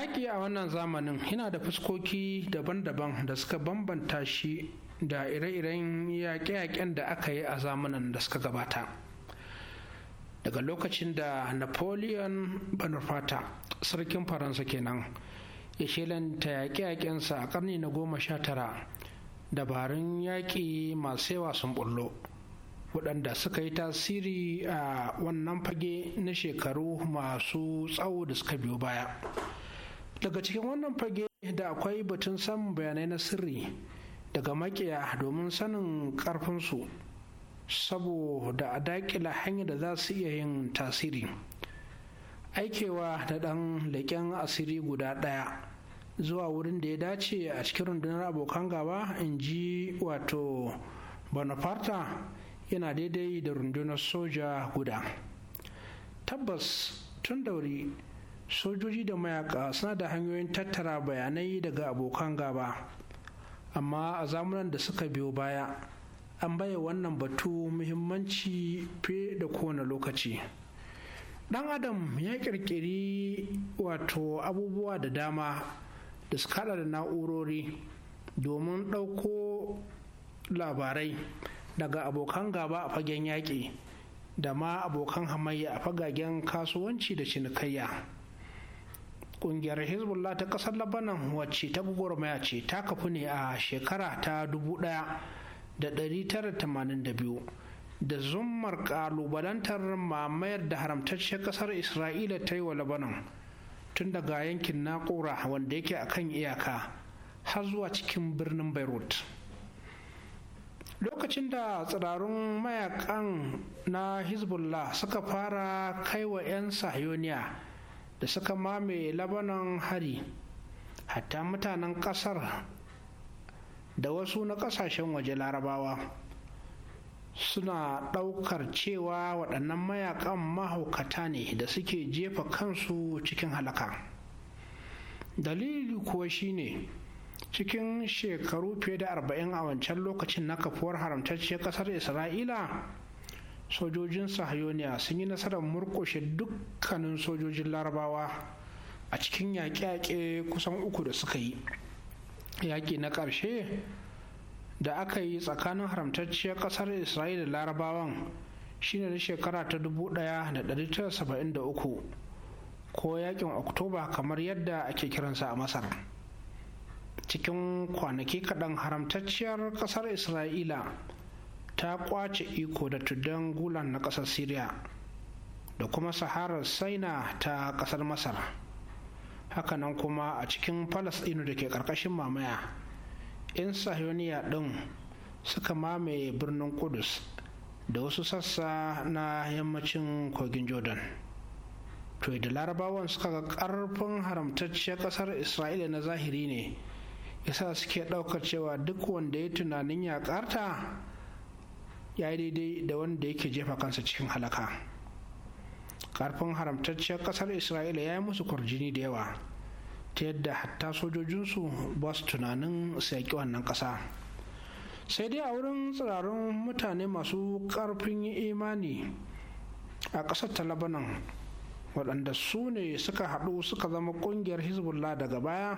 [SPEAKER 1] yaƙi a wannan zamanin yana da fuskoki daban-daban da suka bambanta shi da ire-iren yaƙe-yaƙen da aka yi a zamanin da suka gabata daga lokacin da napoleon bonaparte sarkin faransa kenan ya shelanta yaƙe-yaƙensa a ƙarni na goma sha tara dabarun yaƙi masu yawa sun bullo waɗanda suka yi tasiri a wannan fage na shekaru masu tsawo da suka biyo baya daga cikin wannan fage da akwai batun samun bayanai na sirri daga makiya domin sanin karfinsu saboda a dakila hanyar da za su iya yin tasiri aikewa da ɗan leƙen asiri guda ɗaya zuwa wurin da ya dace a cikin rundunar abokan gaba in ji wato bonaparte yana daidai da rundunar soja guda tabbas tun dauri sojoji da mayaka suna da hanyoyin tattara bayanai daga abokan gaba amma a zamunan da suka biyo baya an baya wannan batu muhimmanci fiye da kowane lokaci dan adam ya kirkiri wato abubuwa da dama da su hada da na'urori domin ɗauko labarai daga abokan gaba a fagen yaƙi da ma abokan hamayya a fagagen kasuwanci da cinikayya kungiyar hezbollah ta kasar labanan wacce ta gwagwarmaya ce ta kafu ne a shekara ta 1982 da zummar kalubalantar mamayar da haramtacciyar kasar isra'ila ta yi wa labanan tun daga yankin nakura wanda yake a kan iyaka har zuwa cikin birnin beirut lokacin da tsirarun mayakan na hezbollah suka fara kaiwa 'yan sahioniya da suka mamaye labanan hari hatta mutanen kasar da wasu na kasashen waje larabawa suna ɗaukar cewa waɗannan mayakan mahaukata ne da suke jefa kansu cikin halaka dalili kuwa shine cikin shekaru fiye da arba'in a wancan lokacin na kafuwar haramtacciyar ƙasar isra'ila sojojin sahayoniya sun yi nasarar murkushe dukkanin sojojin larabawa a cikin yaƙe-yaƙe kusan uku da suka yi yaƙi na ƙarshe da aka yi tsakanin haramtacciyar ƙasar isra'ila da larabawan shine na shekara ta 1973 ko yaƙin oktoba kamar yadda ake kiransa a masar cikin kwanaki kaɗan haramtacciyar ƙasar isra'ila ta kwace iko da tuddan gulan na ƙasar syria da kuma saharar saina ta ƙasar masar hakanan kuma a cikin falasɗinu da ke ƙarƙashin mamaya in sahioniya ɗin suka mamaye birnin kudus da wasu sassa na yammacin kogin jordan to da larabawan suka ga ƙarfin haramtacciyar ƙasar isra'ila na zahiri ne yasa suke ɗaukar cewa duk wanda ya tunanin ya ƙarta ya yi daidai da wanda yake jefa kansa cikin halaka karfin haramtacciyar kasar isra'ila ya yi musu kwarjini da yawa ta yadda hatta sojojinsu ba su tunanin saƙi wannan ƙasa sai dai a wurin tsirarun mutane masu ƙarfin imani a ƙasar ta labanan waɗanda su ne suka haɗu suka zama ƙungiyar hezbollah daga baya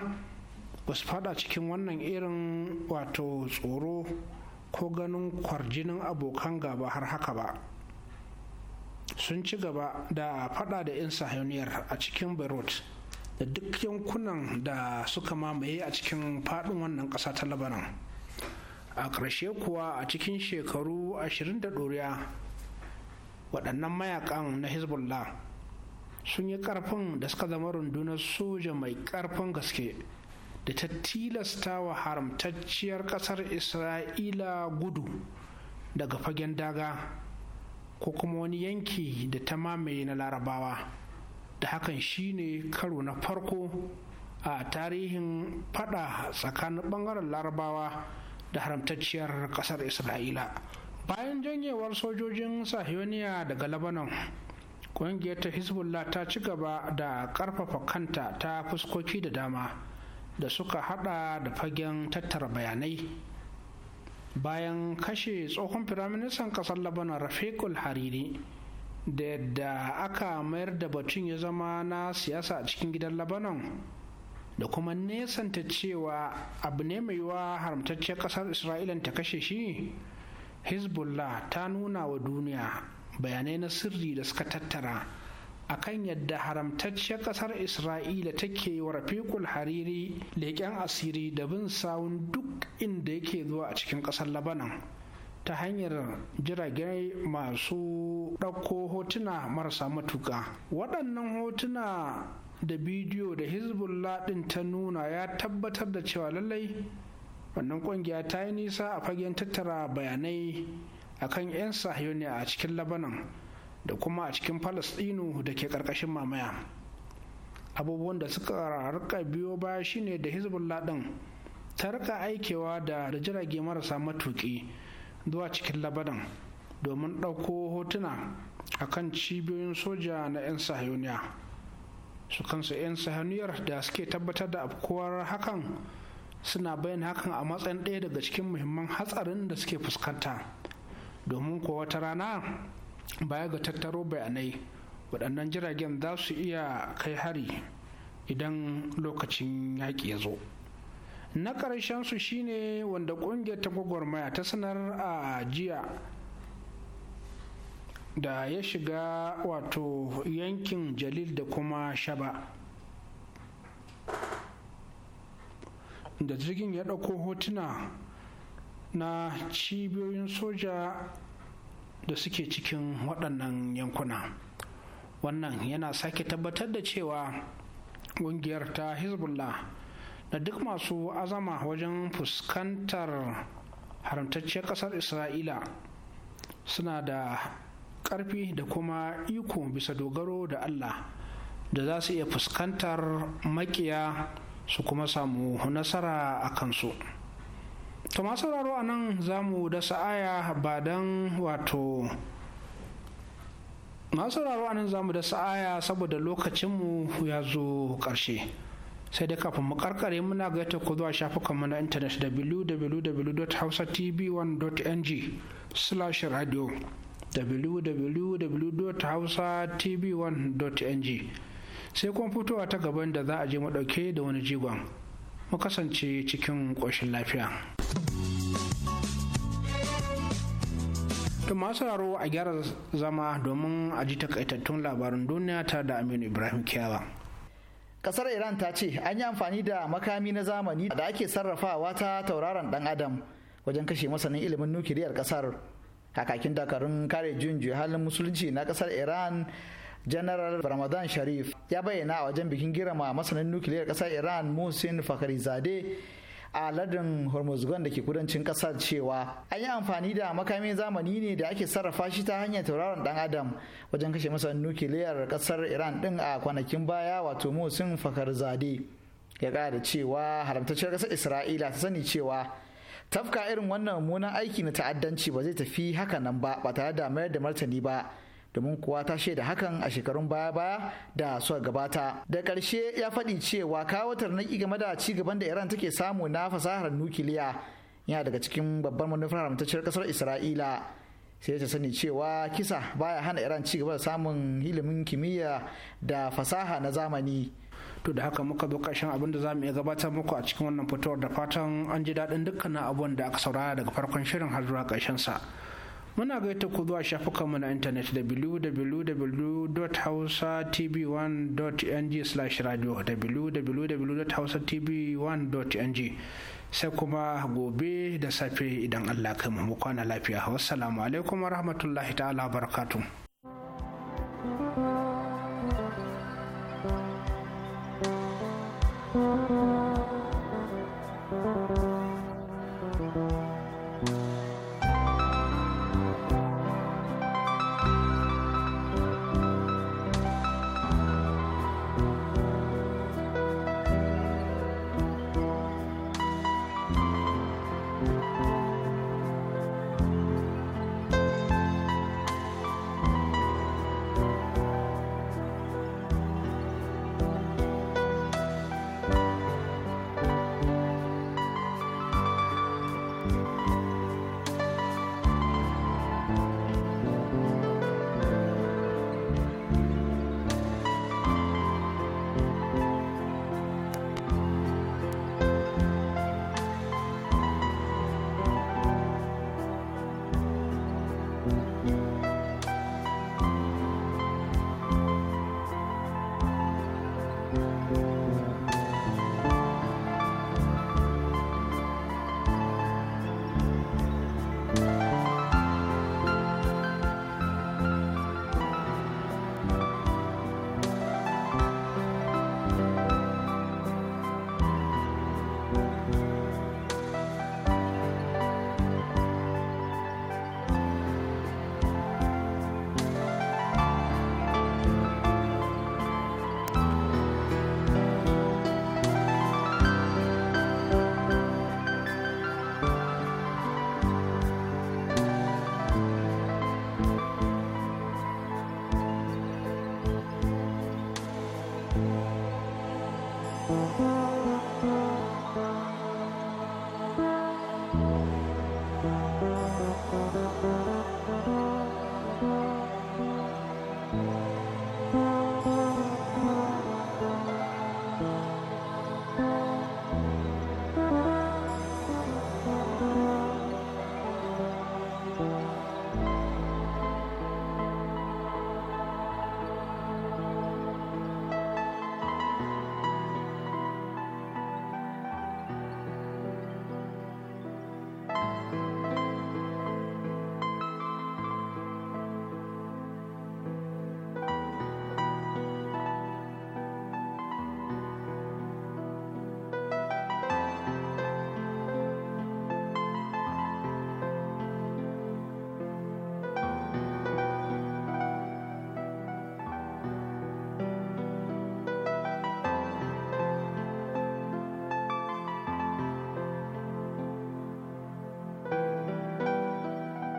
[SPEAKER 1] ba su fada cikin wannan irin wato tsoro ko ganin kwarjinin abokan gaba har haka ba sun ci gaba da fada da 'yan sahiyoniyar a cikin beirut da duk yankunan da suka mamaye a cikin fadin wannan ƙasa ta labanan a ƙarshe kuwa a cikin shekaru 20 da ɗoriya waɗannan mayakan na hezbollah sun yi ƙarfin da suka zama rundunar soja mai ƙarfin gaske da ta tilasta wa haramtacciyar ƙasar isra'ila gudu daga fagen daga ko kuma wani yanki da ta mamaye na larabawa da hakan shine karo na farko a tarihin fada tsakanin bangaren larabawa da haramtacciyar ƙasar isra'ila bayan janyewar sojojin sahiyoniya daga labanon ƙungiyar ta hezbollah ta ci gaba da ƙarfafa kanta ta fuskoki da dama da suka hada da fagen tattara bayanai bayan kashe tsohon firaministan kasar labanan rafiqul hariri da yadda aka mayar da batun ya zama na siyasa a cikin gidan labanan da kuma nesanta cewa abu ne mai yiwa haramtacciyar kasar isra'ila ta kashe shi hezbollah ta nuna wa duniya bayanai na sirri da suka tattara akan yadda haramtacciyar ƙasar isra'ila take wa rafiqul hariri leƙen asiri da bin sawun duk inda yake zuwa a cikin ƙasar labanan ta hanyar jirage masu ɗauko hotuna marasa matuƙa. waɗannan hotuna da bidiyo da hezbollah ɗin ta nuna ya tabbatar da cewa lallai wannan ƙungiya ta yi nisa a fagen tattara bayanai akan 'yan sahiyoni a cikin labanan da kuma a cikin falasɗinu da ke ƙarƙashin mamaya abubuwan da suka rika biyo baya shine da hezbollah din ta rika aikewa da jirage marasa matuki zuwa cikin labadan domin ɗauko hotuna a kan cibiyoyin soja na 'yan sahiyoniya su kansu 'yan sahiyoniyar da suke tabbatar da afkuwar hakan suna bayan hakan a matsayin ɗaya daga cikin muhimman hatsarin da suke fuskanta domin kuwa wata rana baya ga tattaro bayanai waɗannan jiragen za su iya kai hari idan lokacin yaƙi ya zo na ƙarshen su shine wanda ƙungiyar ta gwagwarmaya ta sanar a jiya da ya shiga wato yankin jalil da kuma shaba da jirgin ya ɗauko hotuna na cibiyoyin soja da suke cikin waɗannan yankuna wannan yana sake tabbatar da cewa ƙungiyar ta hezbollah da duk masu azama wajen fuskantar haramtacciyar ƙasar isra'ila suna da ƙarfi da kuma iko bisa dogaro da allah da za su iya fuskantar makiya su kuma samu nasara a kansu. to masu sauraro a nan za mu dasa aya ba don wato masu sauraro a nan za mu dasa aya saboda lokacinmu ya zo ƙarshe sai dai kafin mu karkare muna gaita ku zuwa shafukanmu na intanet www.hausatv1.ng slash radio www.hausatv1.ng sai kuma fitowa ta gaban da za a je maɗauke da wani jigon mu kasance cikin ƙoshin lafiya. da masu raro a gyara zama domin a ji takaitattun labarin duniya ta da aminu ibrahim
[SPEAKER 3] kiyawa kasar iran ta ce an yi amfani da makami na zamani da ake sarrafawa ta tauraron dan adam wajen kashe masanin ilimin nukiliyar kasar kakakin dakarun kare junju halin musulunci na kasar iran general ramadan sharif ya bayyana a wajen bikin girma masanin nukiliyar kasar iran musin fakhrizadeh a lardin hormuzgan da ke kudancin kasar cewa an yi amfani da makamin zamani ne da ake sarrafa shi ta hanyar tauraron dan adam wajen kashe masa nukiliyar kasar iran din a kwanakin baya wato musin fakar zade ya kara cewa haramtacciyar kasar isra'ila ta sani cewa tafka irin wannan mummunan aiki na ta'addanci ba zai tafi haka nan ba ba tare da mayar da martani ba domin kuwa ta shaida hakan a shekarun baya-baya da suka gabata da ƙarshe ya faɗi cewa kawo tarnaki game da ci gaban da iran take samu na fasahar nukiliya yana daga cikin babbar manufar haramtacciyar kasar isra'ila sai ta sani cewa kisa baya hana iran ci gaba da samun ilimin kimiyya da fasaha na zamani to da haka muka zo karshen abin da za mu iya gabatar muku a cikin wannan fitowar da
[SPEAKER 1] fatan an ji daɗin dukkanin abubuwan da aka saurara daga farkon shirin har zuwa ƙarshen sa muna gaita ku zuwa shafukanmu na intanet da www.hausatv1.ng/radio www.hausatv1.ng sai kuma gobe da safe idan Allah kai mu kwana lafiya wassalamu alaikum wa rahmatullahi ta'ala barakatu
[SPEAKER 7] thank you